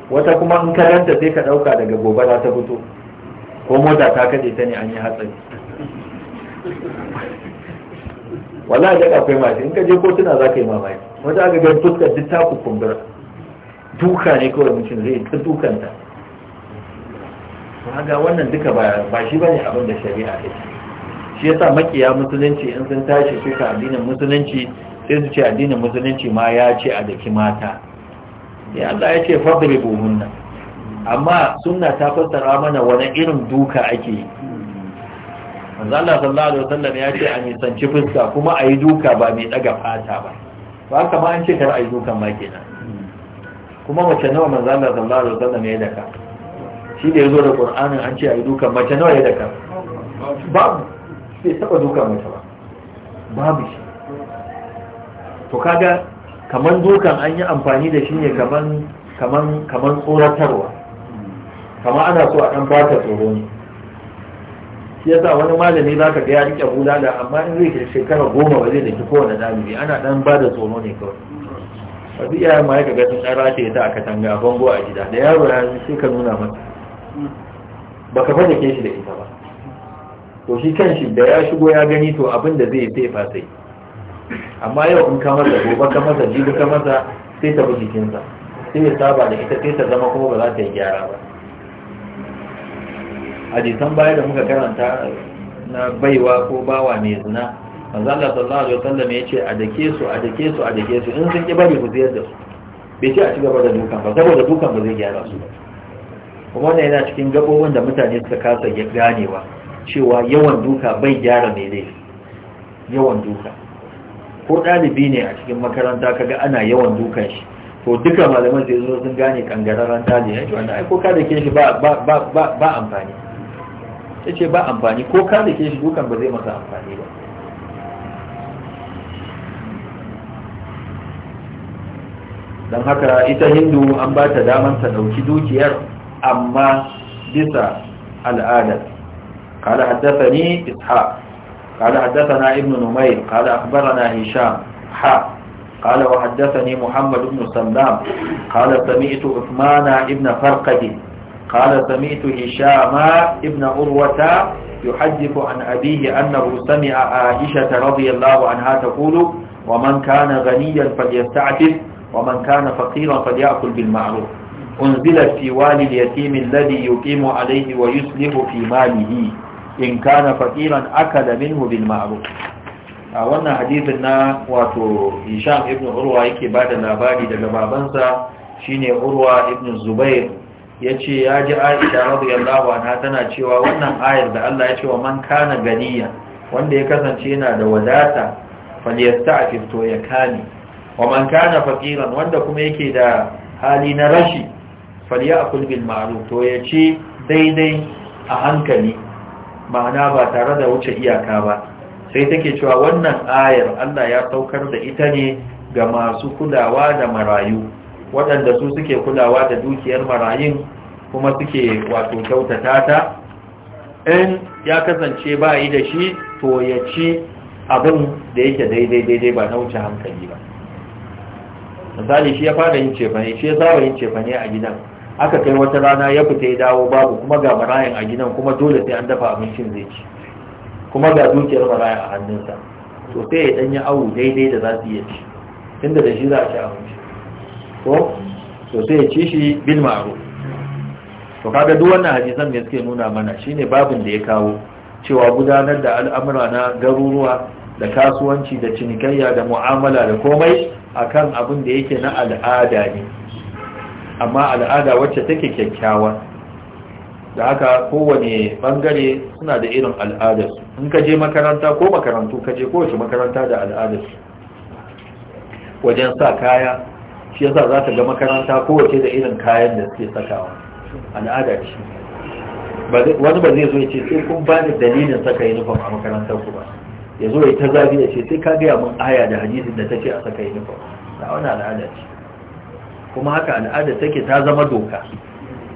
wata kuma in karanta sai ka ɗauka daga gobe za ta fito ko mota ta kaɗe ta ne an yi hatsari wala da akwai mashi in ka je kotuna za ka yi mamaki wata aka ga fuskar duk ta kumbura duka ne kawai mutum zai ta dukanta ga wannan duka ba shi bane abin da shari'a ta shi yasa makiya musulunci in sun tashi suka addinin musulunci sai su ce addinin musulunci ma ya ce a daki mata sai Allah ya ce fadribuhunna amma sunna ta fassara mana wani irin duka ake yi manzo Allah sallallahu alaihi wasallam ya ce a nisanci fuska kuma a yi duka ba mai daga fata ba ba kama an ce kar a yi dukan ma kenan kuma mace nawa manzo Allah sallallahu alaihi wasallam ya daka shi da yazo da Qur'anin an ce a yi dukan mace nawa ya daka babu sai taba dukan mace ba babu shi to kaga kaman dukan an yi amfani da shi ne kaman tsoratarwa kama ana so a ɗan bata tsoro ne shi yasa wani malami za ka ga ya rike bulala amma in zai shekara goma ba zai da kowane dalibi ana ɗan bada tsoro ne kawai wasu iyayen ma ya ga sun ɗan rataye ta a katanga a bango a gida da yaro ya sai ka nuna masa ba ka fada ke shi da ita ba to shi kan shi da ya shigo ya gani to abin da zai sai fa sai. amma yau in ka masa gobe ka masa jibi ka masa sai ta bugi jikinsa sai ya saba da ita sai ta zama kuma ba za ta yi gyara ba a jisan baya da muka karanta na baiwa ko bawa mai zina manzo Allah sallallahu alaihi wasallam ya ce a dake su a dake su a dake su in sun ki bari ku ziyar da su bai ce a ci gaba da dukan ba saboda dukan ba zai gyara su ba kuma wannan yana cikin gabobin da mutane suka kasa ganewa cewa yawan duka bai gyara mai laifi yawan duka ko ɗalibi ne a cikin makaranta kaga ana yawan dukan shi to duka malaman zai zo sun gane kangararren ɗalibi ya ce wanda ai ko ka da ke shi ba amfani ya ce ba amfani ko ka da ke shi dukan ba zai masa amfani ba don haka ita hindu an ba ta damar ta ɗauki dukiyar amma bisa al'adar haddasa ni ishaq قال حدثنا ابن نمير قال أخبرنا هشام حا قال وحدثني محمد بن سلام قال سمعت عثمان ابن فرقد قال سمعت هشام ابن أروة يحدث عن أبيه أنه سمع عائشة رضي الله عنها تقول ومن كان غنيا فليستعفف ومن كان فقيرا فليأكل بالمعروف أنزلت في والي اليتيم الذي يقيم عليه ويسلم في ماله in kana faqiran akala minhu bil ma'ruf a wannan hadisin na wato Hisham ibn Urwa yake bada labari daga babansa shine Urwa ibn Zubair yace ya ji Aisha radiyallahu anha tana cewa wannan ayar da Allah ya ce wa man kana ganiya wanda ya kasance yana da wadata falyasta'fif to ya kani wa man kana faqiran wanda kuma yake da hali na rashi falyakul bil ma'ruf to ya ce daidai a hankali ma'ana ba tare da wuce iyaka ba sai take cewa wannan ayar Allah ya saukar da ita ne ga masu kulawa da marayu waɗanda su suke kulawa da dukiyar marayun kuma suke wato kyautata ta in ya kasance ba yi da shi to ya ci abin da yake daidai daidai ba na wuce hankali ba misali shi ya fara yin cefane shi ya zawa yin cefane a gidan aka kai wata rana ya fita ya dawo babu kuma ga marayan a gidan kuma dole sai an dafa abincin zai ci kuma ga dukiyar marayan a hannunsa to sai ya danyi awu daidai da za su iya ci tunda da shi za a ci abinci ko to sai ya ci shi bil ma'ruf to kaga duk wannan hadisan da suke nuna mana shine babin da ya kawo cewa gudanar da al'amura na garuruwa da kasuwanci da cinikayya da mu'amala da komai akan abin da yake na al'ada ne amma al'ada wacce take kyakkyawa da haka kowane bangare suna da irin al'adarsu in ka je makaranta ko makarantu ka je kowace makaranta da su wajen sa kaya shi yasa za ta ga makaranta kowace da irin kayan da suke sakawa al'ada ce wani ba zai zo ya ce sai kun ba ni dalilin saka uniform a makarantar ku ba ya zo ya ta zafi ya ce sai ka gaya mun aya da hadisin da ta ce a saka uniform da wani al'ada ce kuma haka al'ada take ta zama doka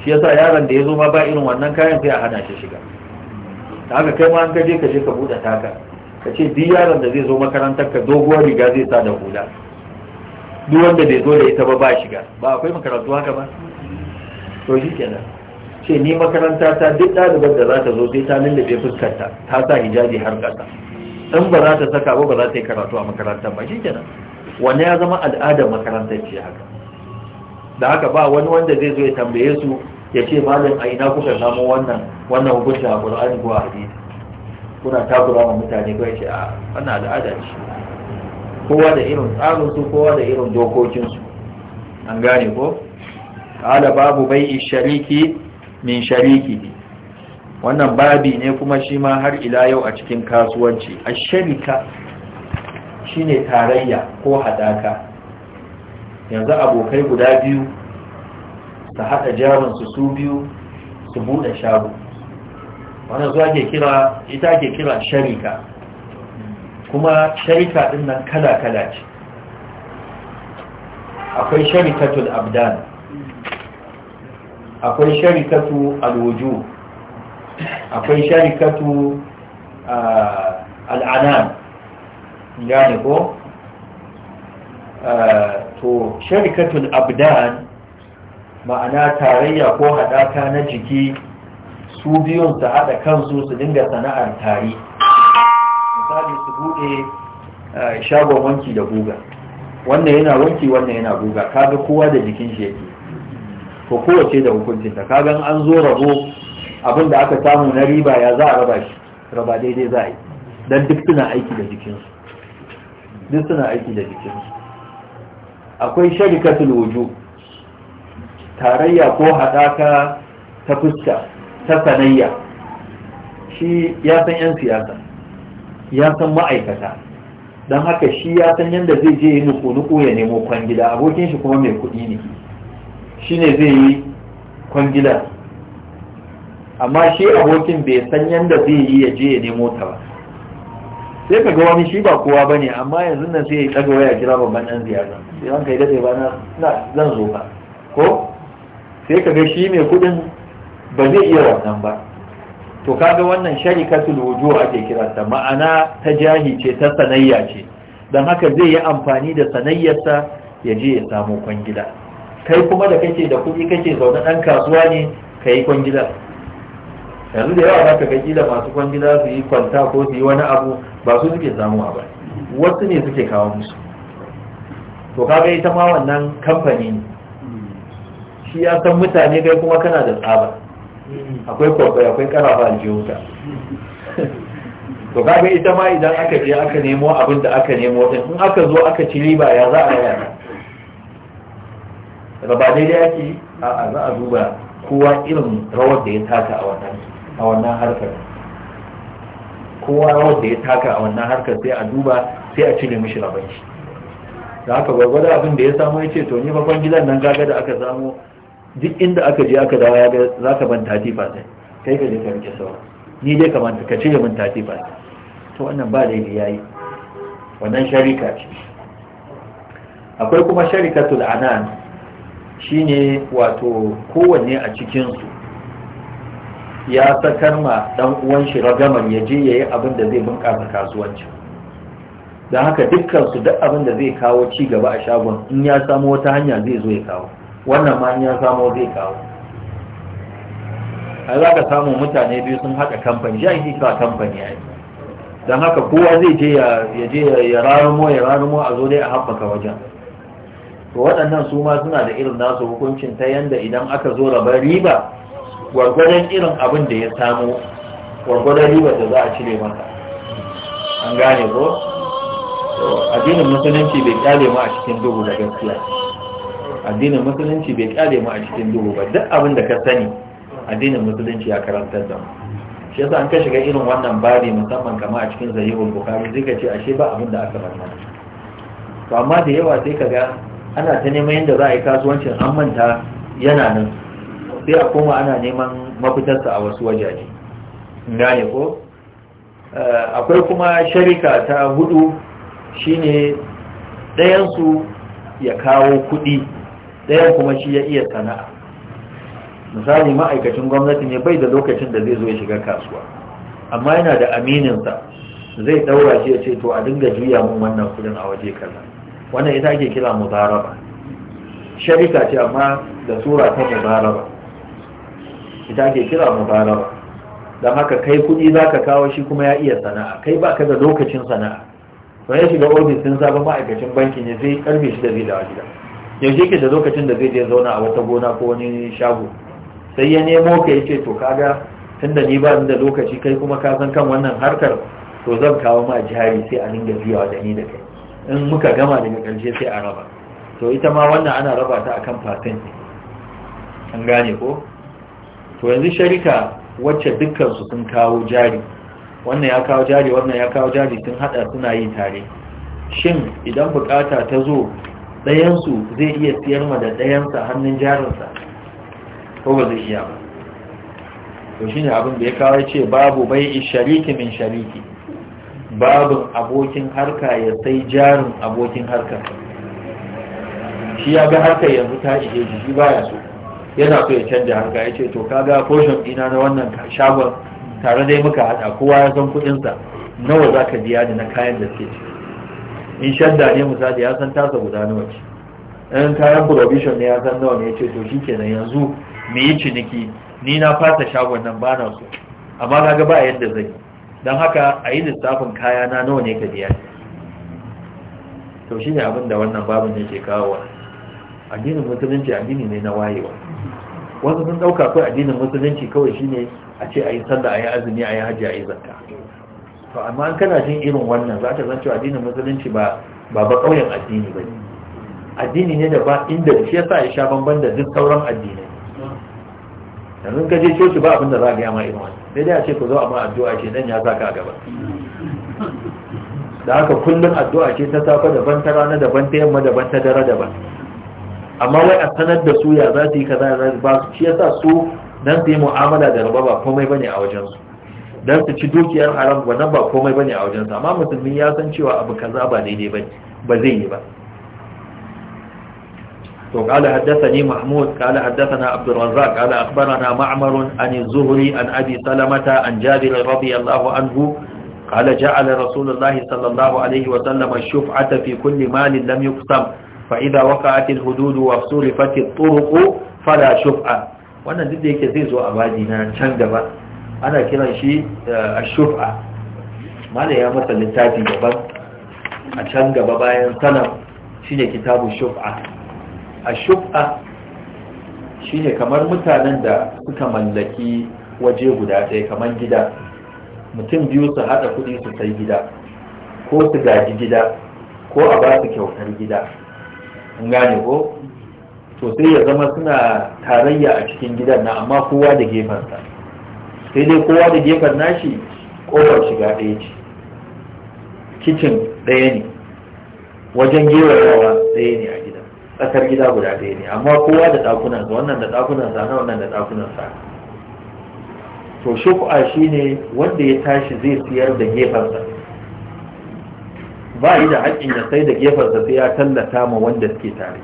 shi yasa yaron da ya zo ma ba irin wannan kayan sai a hana shi shiga ta haka kai ma an kaje ka je ka buɗe taka ka ce duk yaron da zai zo makarantar ka doguwar riga zai sa da hula duk wanda bai zo da ita ba ba shiga ba akwai makarantu haka ba to shi kenan ce ni makaranta ta duk ɗalibar da za ta zo sai ta lullube fuskarta ta sa hijabi har ƙasa in ba za ta saka ba ba za ta yi karatu a makarantar ba shi kenan wanne ya zama al'adar makarantar ce haka da haka ba wani wanda zai zo ya tambaye su ya ce malam a ina kuka samu wannan wannan hukunci a Qur'ani ko a hadisi kuna takura ma mutane ko ya ce a wannan al'ada ce kowa da irin tsarin su kowa da irin dokokin su an gane ko ala babu bai shariki min shariki wannan babi ne kuma shi ma har ila yau a cikin kasuwanci A sharika shine tarayya ko hadaka yanzu abokai guda biyu su haɗa jarinsu su su biyu su buɗe shago wanda zuwa ke kira ita ke kira sharika kuma sharika ɗin nan kala-kala ce akwai sharikatul abdan akwai sharikatu alwuju akwai sharikatu al'anan gane ko to sharikatul abdan ma'ana tarayya ko haɗaka na jiki su biyun su haɗa kansu su dinga sana'ar tari misali su buɗe shagon wanki da guga wannan yana wanki wannan yana guga kaga kowa da jikin shi yake to kowace da hukuncinta kaga an zo rabo abin da aka samu na riba ya za a raba shi raba daidai za a yi don duk suna aiki da duk suna aiki da jikinsu akwai sharikatul wuju tarayya ko haɗaka ta fuska ta sanayya shi ya san 'yan siyasa ya san ma'aikata don haka shi ya san yadda zai je yi nuku-nuku ya nemo kwangila abokin shi kuma mai kuɗi ne shi ne zai yi kwangila amma shi abokin bai san yadda zai yi ya je ya nemo ta ba sai ka ga wani shi ba kowa bane amma yanzu nan sai ya daga waya kira babban dan ziyara sai an kai dade ba na zan zo ba ko sai ka ga shi mai kudin ba zai iya wannan ba to kaga wannan sharikatul wujuh ake ta ma'ana ta jahi ce ta sanayya ce don haka zai yi amfani da sanayyarsa ya je ya samo kwangila kai kuma da kake da kuɗi kake zaune dan kasuwa ne kai kwangila yanzu da yawa zaka kai kila masu kwangila su yi kwanta ko su yi wani abu ba su suke samuwa ba wasu ne suke kawo musu to kaga ita ma wannan kamfani ne shi ya san mutane kai kuma kana da tsaba akwai kwakwai akwai karafa aljihunka to kaga ita ma idan aka je aka nemo abin da aka nemo din in aka zo aka ci riba ya za a yana daga ba daidai ake a za a duba kowa irin rawar da ya taka a wannan a wannan harkar kowa wanda ya taka a wannan harkar sai a duba sai a cire mishi rabon da haka gwagwada abin da ya samu ya ce to ni babban gidan nan gaga da aka samu duk inda aka je aka dawo ya za ka ban tati fasai kai ka je ka rike saura ni dai ka manta ka cire min tati fasai to wannan ba ya yayi wannan sharika ce akwai kuma sharikatul anan shine wato kowanne a cikinsu ya sakar ma dan uwan shi ragaman ya je yayi abin da zai bunƙasa kasuwanci dan haka dukkan su duk abin da zai kawo ci gaba a shagon in ya samu wata hanya zai zo ya kawo wannan ma in ya samu zai kawo a za ka samu mutane biyu sun haɗa kamfani shi ake kira kamfani ya don haka kowa zai je ya je ya rarumo ya rarumo a zo dai a haɓaka wajen to waɗannan su ma suna da irin nasu hukuncin ta yanda idan aka zo rabar riba gwargwadon irin abin da ya samu gwargwadon ribar da za a cire maka. an gane ko addinin musulunci bai kyale mu a cikin duhu da gaskiya addinin musulunci bai kyale mu a cikin duhu ba duk abin da ka sani addinin musulunci ya karantar da mu shi yasa an ka shiga irin wannan bari musamman kama a cikin sahihul bukhari zai ka ce ashe ba abin da aka manta to amma da yawa sai ka ga ana ta neman yadda za a yi kasuwancin an manta yana nan sai a koma ana neman mafitarsa a wasu wajaje gane ko eh, akwai kuma sharika ta hudu shine ɗayansu ya kawo kuɗi ɗayan kuma shi ya iya sana'a misali ma'aikacin gwamnati ne bai da lokacin da zai zo ya shiga kasuwa amma yana da amininsa zai ɗaura shi ya ce to a dinga juya mun wannan kuɗin a waje kaza wannan ita ake kira mudaraba sharika ce amma da sura ta mubaraba ita ake kira mubarak don haka kai kuɗi za ka kawo shi kuma ya iya sana'a kai ba ka da lokacin sana'a to ya shiga ofis din sabon ma'aikacin banki ne sai karfe shi da zai dawo gida yaushe ke da lokacin da zai je zauna a wata gona ko wani shago sai ya nemo ka ya ce to kaga tunda ni ba ni da lokaci kai kuma ka san kan wannan harkar to zan kawo ma jihari sai a dinga biyawa da ni da kai in muka gama daga ƙarshe sai a raba to ita ma wannan ana raba ta akan fasin an gane ko to yanzu sharika wacce dukkansu sun kawo jari wannan ya kawo jari wannan ya kawo jari sun hada suna yi tare shin idan bukata ta zo ɗayansu zai iya siyar ma da ɗayansa hannun jarinsa ko ba zai iya ba to shi ne abin da ya kawo ce babu bai shariki min shariki babin abokin harka ya sai jarin abokin harka shi ya ga harkar yanzu ta ishe shi ba ya so yana so ya canja harka ya ce to kaga portion ɗina na wannan shagon tare dai muka hada kowa ya san sa nawa za ka biya da na kayan da suke ciki in shadda ne misali ya san tasa guda nawa ce in kayan provision ne ya san nawa ne ya ce to shikenan yanzu me yi ciniki ni na fasa shagon nan ba na so amma ga ba yadda zai don haka a yi lissafin kaya na nawa ne ka biya to shi ne abin da wannan babin ne ke kawo addinin musulunci addini ne na wayewa wasu sun ɗauka kawai addinin musulunci kawai shine a ce a yi sallah a yi azumi a yi hajji a yi zakka to amma an kana jin irin wannan za ta zan cewa addinin musulunci ba ba ba ƙauyen addini ba ne addini ne da ba inda shi yasa ya sha bamban da duk sauran addinai yanzu ka je coci ba abinda za ka yi ma irin wani sai dai a ce ku zo amma addu'a ce dan ya sa ka gaba da haka kullum addu'a ce ta safa daban ta rana daban ta yamma daban ta dare daban amma wai a sanar da su ya za su yi kaza za su ba su shi yasa su dan su yi mu'amala da raba ba komai bane a wajen su dan su ci dukiyar haram wannan ba komai bane a wajen su amma musulmi ya san cewa abu kaza ba daidai bane ba zai yi ba to qala haddathani mahmud qala haddathana abdur razzaq qala akhbarana ma'mar an az-zuhri an abi salamata an jabir radiyallahu anhu قال جعل رسول الله صلى الله عليه وسلم الشفعة في كل مال لم يقسم hududu wa الحدود واختلفت turuku fada shuf'a. wannan duk da yake zai zo a baji na can gaba ana kiran shi a shuf'a mana ya masa littafi daban a can gaba bayan sanar shi ne kitabu shuf'a a shuf'a shi ne kamar mutanen da suka mallaki waje guda ɗaya kamar gida mutum biyu su haɗa kuɗi su sai gida ko su gaji gida ko a ba su kyautar gida an gane ko to sai ya zama suna tarayya a cikin gidan na amma kowa da gefensa sai dai kowa da gefen nashi kofar shiga ɗaya ce kicin ɗaya ne wajen gewayawa ɗaya ne a gidan tsakar gida guda ɗaya ne amma kowa da ɗakunansa wannan da ɗakunansa na wannan da ɗakunansa to shuku'a shine wanda ya tashi zai siyar da gefensa ba yi da haƙƙin ya sai da da sai ya tallata ma wanda suke tare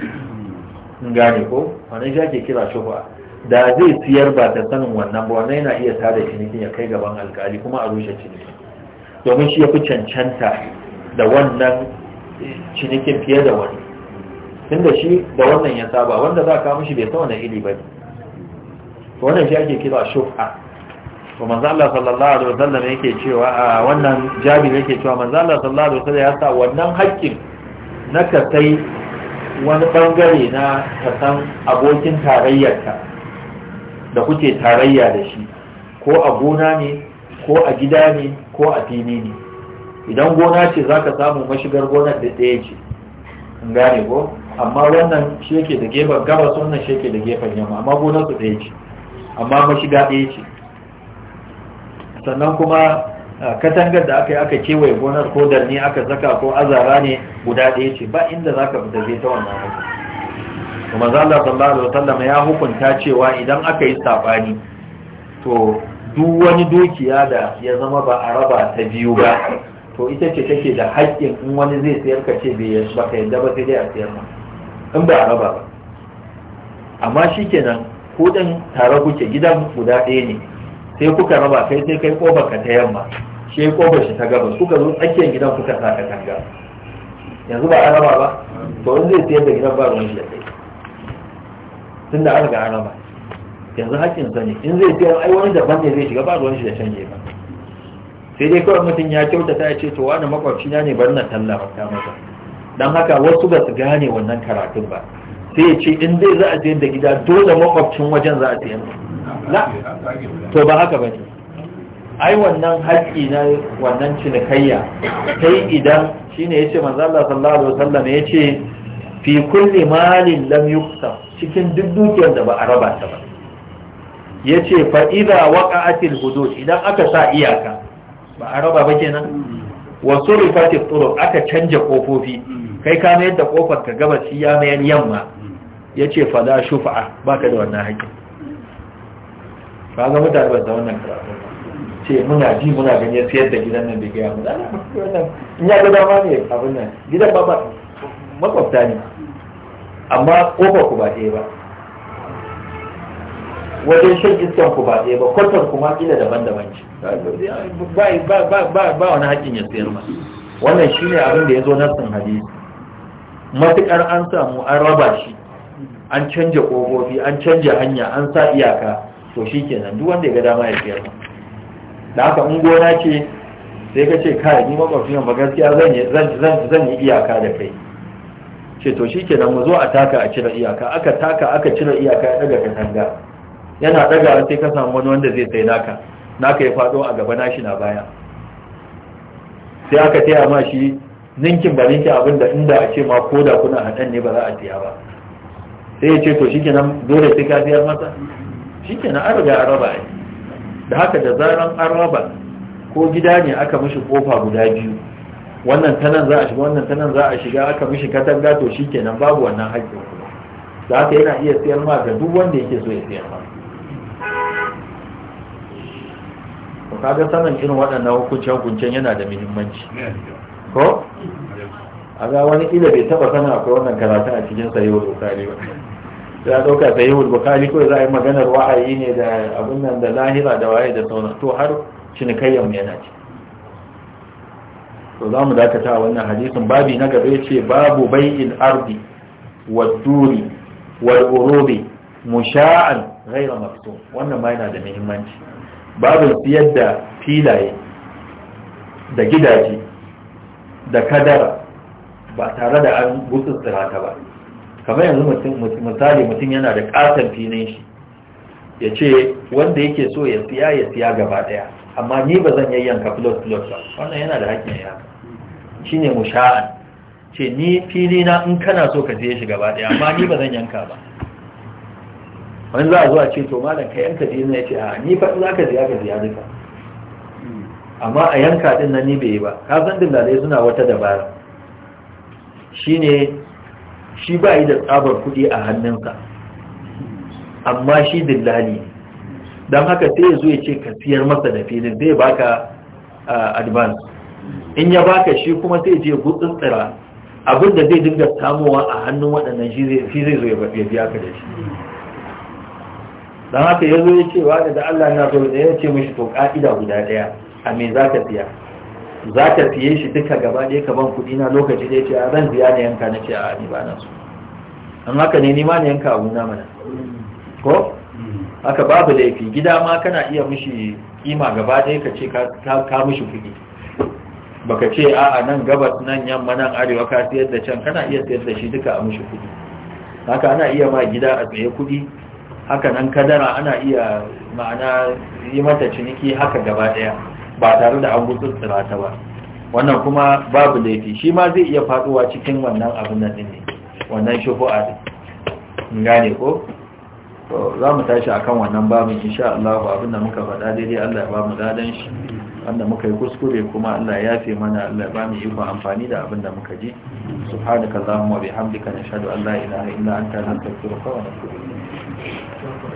gane ko wannan shi ake kira shufa da zai siyar ba ta sanin wannan ba wannan yana iya tada cinikin ya kai gaban alkali kuma a rushe cinikin domin shi ya fi cancanta da wannan cinikin fiye da wani Tun da shi da wannan ya saba wanda za ka mishi bai ta wani iri ba ne wannan shi ake kira shufa to manzo Allah sallallahu alaihi wasallam yake cewa a wannan jabi yake cewa manzo Allah sallallahu alaihi wasallam ya sa wannan haƙƙin na ka sai wani bangare na ka san abokin tarayyarka da kuke tarayya da shi ko a gona ne ko a gida ne ko a fili ne idan gona ce za ka samu mashigar gonar da ɗaya ce in gane ko amma wannan shi yake da gefen gabas wannan shi yake da gefen yamma amma gonarsu su ɗaya ce amma mashiga ɗaya ce sannan kuma katangar da aka yi aka kewaye gonar ko darni aka zaka, ko azara ne guda ɗaya ce ba inda za ka fita ta wannan haka kuma za Allah sallallahu alaihi wasallam ya hukunta cewa idan aka yi saɓani, to duk wani dukiya da ya zama ba a raba ta biyu ba to ita ce take da haƙƙin in wani zai sayar ka ce bai ba ka yadda ba sai dai a sayar ma in ba a raba ba amma shikenan ɗan tare kuke gidan guda ɗaya ne sai kuka raba kai sai kai kofar ka ta yamma shi kofar shi ta gabas kuka zo tsakiyar gidan kuka sa katanga yanzu ba a raba ba to in zai sayar da gidan ba ruwan shi ya kai tun da an ga an raba yanzu haƙƙin sa ne in zai sayar ai wani daban ne zai shiga ba ruwan shi ya canje ba sai dai kawai mutum ya kyautata ya ce to wani makwabci na ne bari na tallafa masa don haka wasu ba su gane wannan karatun ba sai ya ce in dai za a sayar da gida dole makwabcin wajen za a sayar da to ba haka bane ai wannan haƙƙi na wannan cinikayya Kai idan shine yace manzo Allah sallallahu alaihi wasallam yace fi kulli malin lam yuqsam cikin duk dukiyar da ba a raba ta ba yace fa idha waqa'atil hudud idan aka sa iyaka ba a raba ba kenan wa surifatit turuq aka canja kofofi kai ka mai da kofar ka gabas ya mai yamma yace fa la shufa'a baka da wannan haƙƙi Ba ga mutane ba da wannan karatu ce muna ji muna ganye siyar sayar da gidan nan da gaya mu in ya ga dama ne abin nan gidan ba ba makwabta ne amma kofar ku ba ɗaya ba wajen shan iskan ku ba ɗaya ba kwatar ma kila daban-daban ce ba wani haƙƙin ya sayar ma wannan shi ne abin da ya zo na nassin hadisi matuƙar an samu an raba shi an canja ƙofofi an canja hanya an sa iyaka to shi kenan duk wanda ya ga dama ya siyar da haka in gona ce sai ka ce kai ni makwabcin ba gaskiya zan yi iyaka da kai ce to shi kenan mu zo a taka a cire iyaka aka taka aka cire iyaka ya daga katanga yana daga sai ka samu wani wanda zai sai naka naka ya fado a gaba nashi na baya sai aka taya ma shi ninkin ba ninkin abin da inda a ce ma ko da kuna haɗan ne ba za a siya ba sai ya ce to shi kenan dole sai ka siyar masa shi ke na arba ya raba ne da haka da zaran an raba ko gida ne aka mishi kofa guda biyu wannan tanan za a shiga wannan tanan za a shiga aka mishi katanga to shi ke nan babu wannan haƙƙin kuma da haka yana iya siyar ma ga duk wanda yake so ya siyar ma kaga sanin irin waɗannan hukuncen-hukuncen yana da muhimmanci ko a ga wani ila bai taba sana akwai wannan karatu a cikin sayo dokari ba za ya ɗauka ta yawul bukari ko za a yi maganar wahayi ne da abin nan da lahira da waye da sauna to har cinikayyar yana ce to za mu dakata a wannan hadisin babi na gaba ya ce babu bai'il ardi wa duri wa urobe musha'an ma mafito wannan ma yana da muhimmanci babu siyar da filaye da gidaje da kadara ba tare da an gutsutsura ta ba kamar yanzu misali mutum yana da katon filin shi ya ce wanda yake so ya siya ya siya gaba daya amma ni ba zan yayyanka plot plot ba wannan yana da hakkin ya shi ne musha'an ce ni fili na in kana so ka siya shi gaba daya amma ni ba zan yanka ba wani za a zuwa ce to malam ka yanka filin ya ce a ni fa za ka siya ka siya duka amma a yanka din nan ni bai yi ba ka san dillalai suna wata dabara shine shi ba yi da tsabar kuɗi a hannunsa amma shi dillali don haka sai ya zo ya ce ka siyar masa da filin zai baka advance in ya baka shi kuma sai je gutsun tsira abinda zai dinga samuwa a hannun waɗannan shi zai zo ya biya ka da shi don haka ya zo ya ce wa da Allah na zo da ya ce mishi to ƙa'ida guda ɗaya a me za ka siya za ka fiye shi duka gaba ɗaya ka ban kuɗi na lokaci ɗaya ce a zan biya ne yanka na ce a ni ba na so an haka ne nima ne yanka abu na mana ko haka babu laifi gida ma kana iya mishi kima gaba ɗaya ka ce ka mishi kuɗi baka ce a'a nan gabas nan yamma nan arewa ka siyar da can kana iya siyar da shi duka a mishi kuɗi haka ana iya ma gida a tsaye kuɗi haka nan kadara ana iya ma'ana yi mata ciniki haka gaba ɗaya ba tare da an gutsutsura ta ba wannan kuma babu laifi shi ma zai iya faduwa cikin wannan abin nan ne wannan shufu'a din gane ko to za mu tashi akan wannan babin insha Allah abin da muka faɗa daidai Allah ya ba mu dadan shi wanda muka yi kuskure kuma Allah ya yafe mana Allah ya ba mu iko amfani da abin da muka ji subhanakallahumma wa bihamdika nashhadu an la ilaha illa anta nastaghfiruka wa natubu ilayk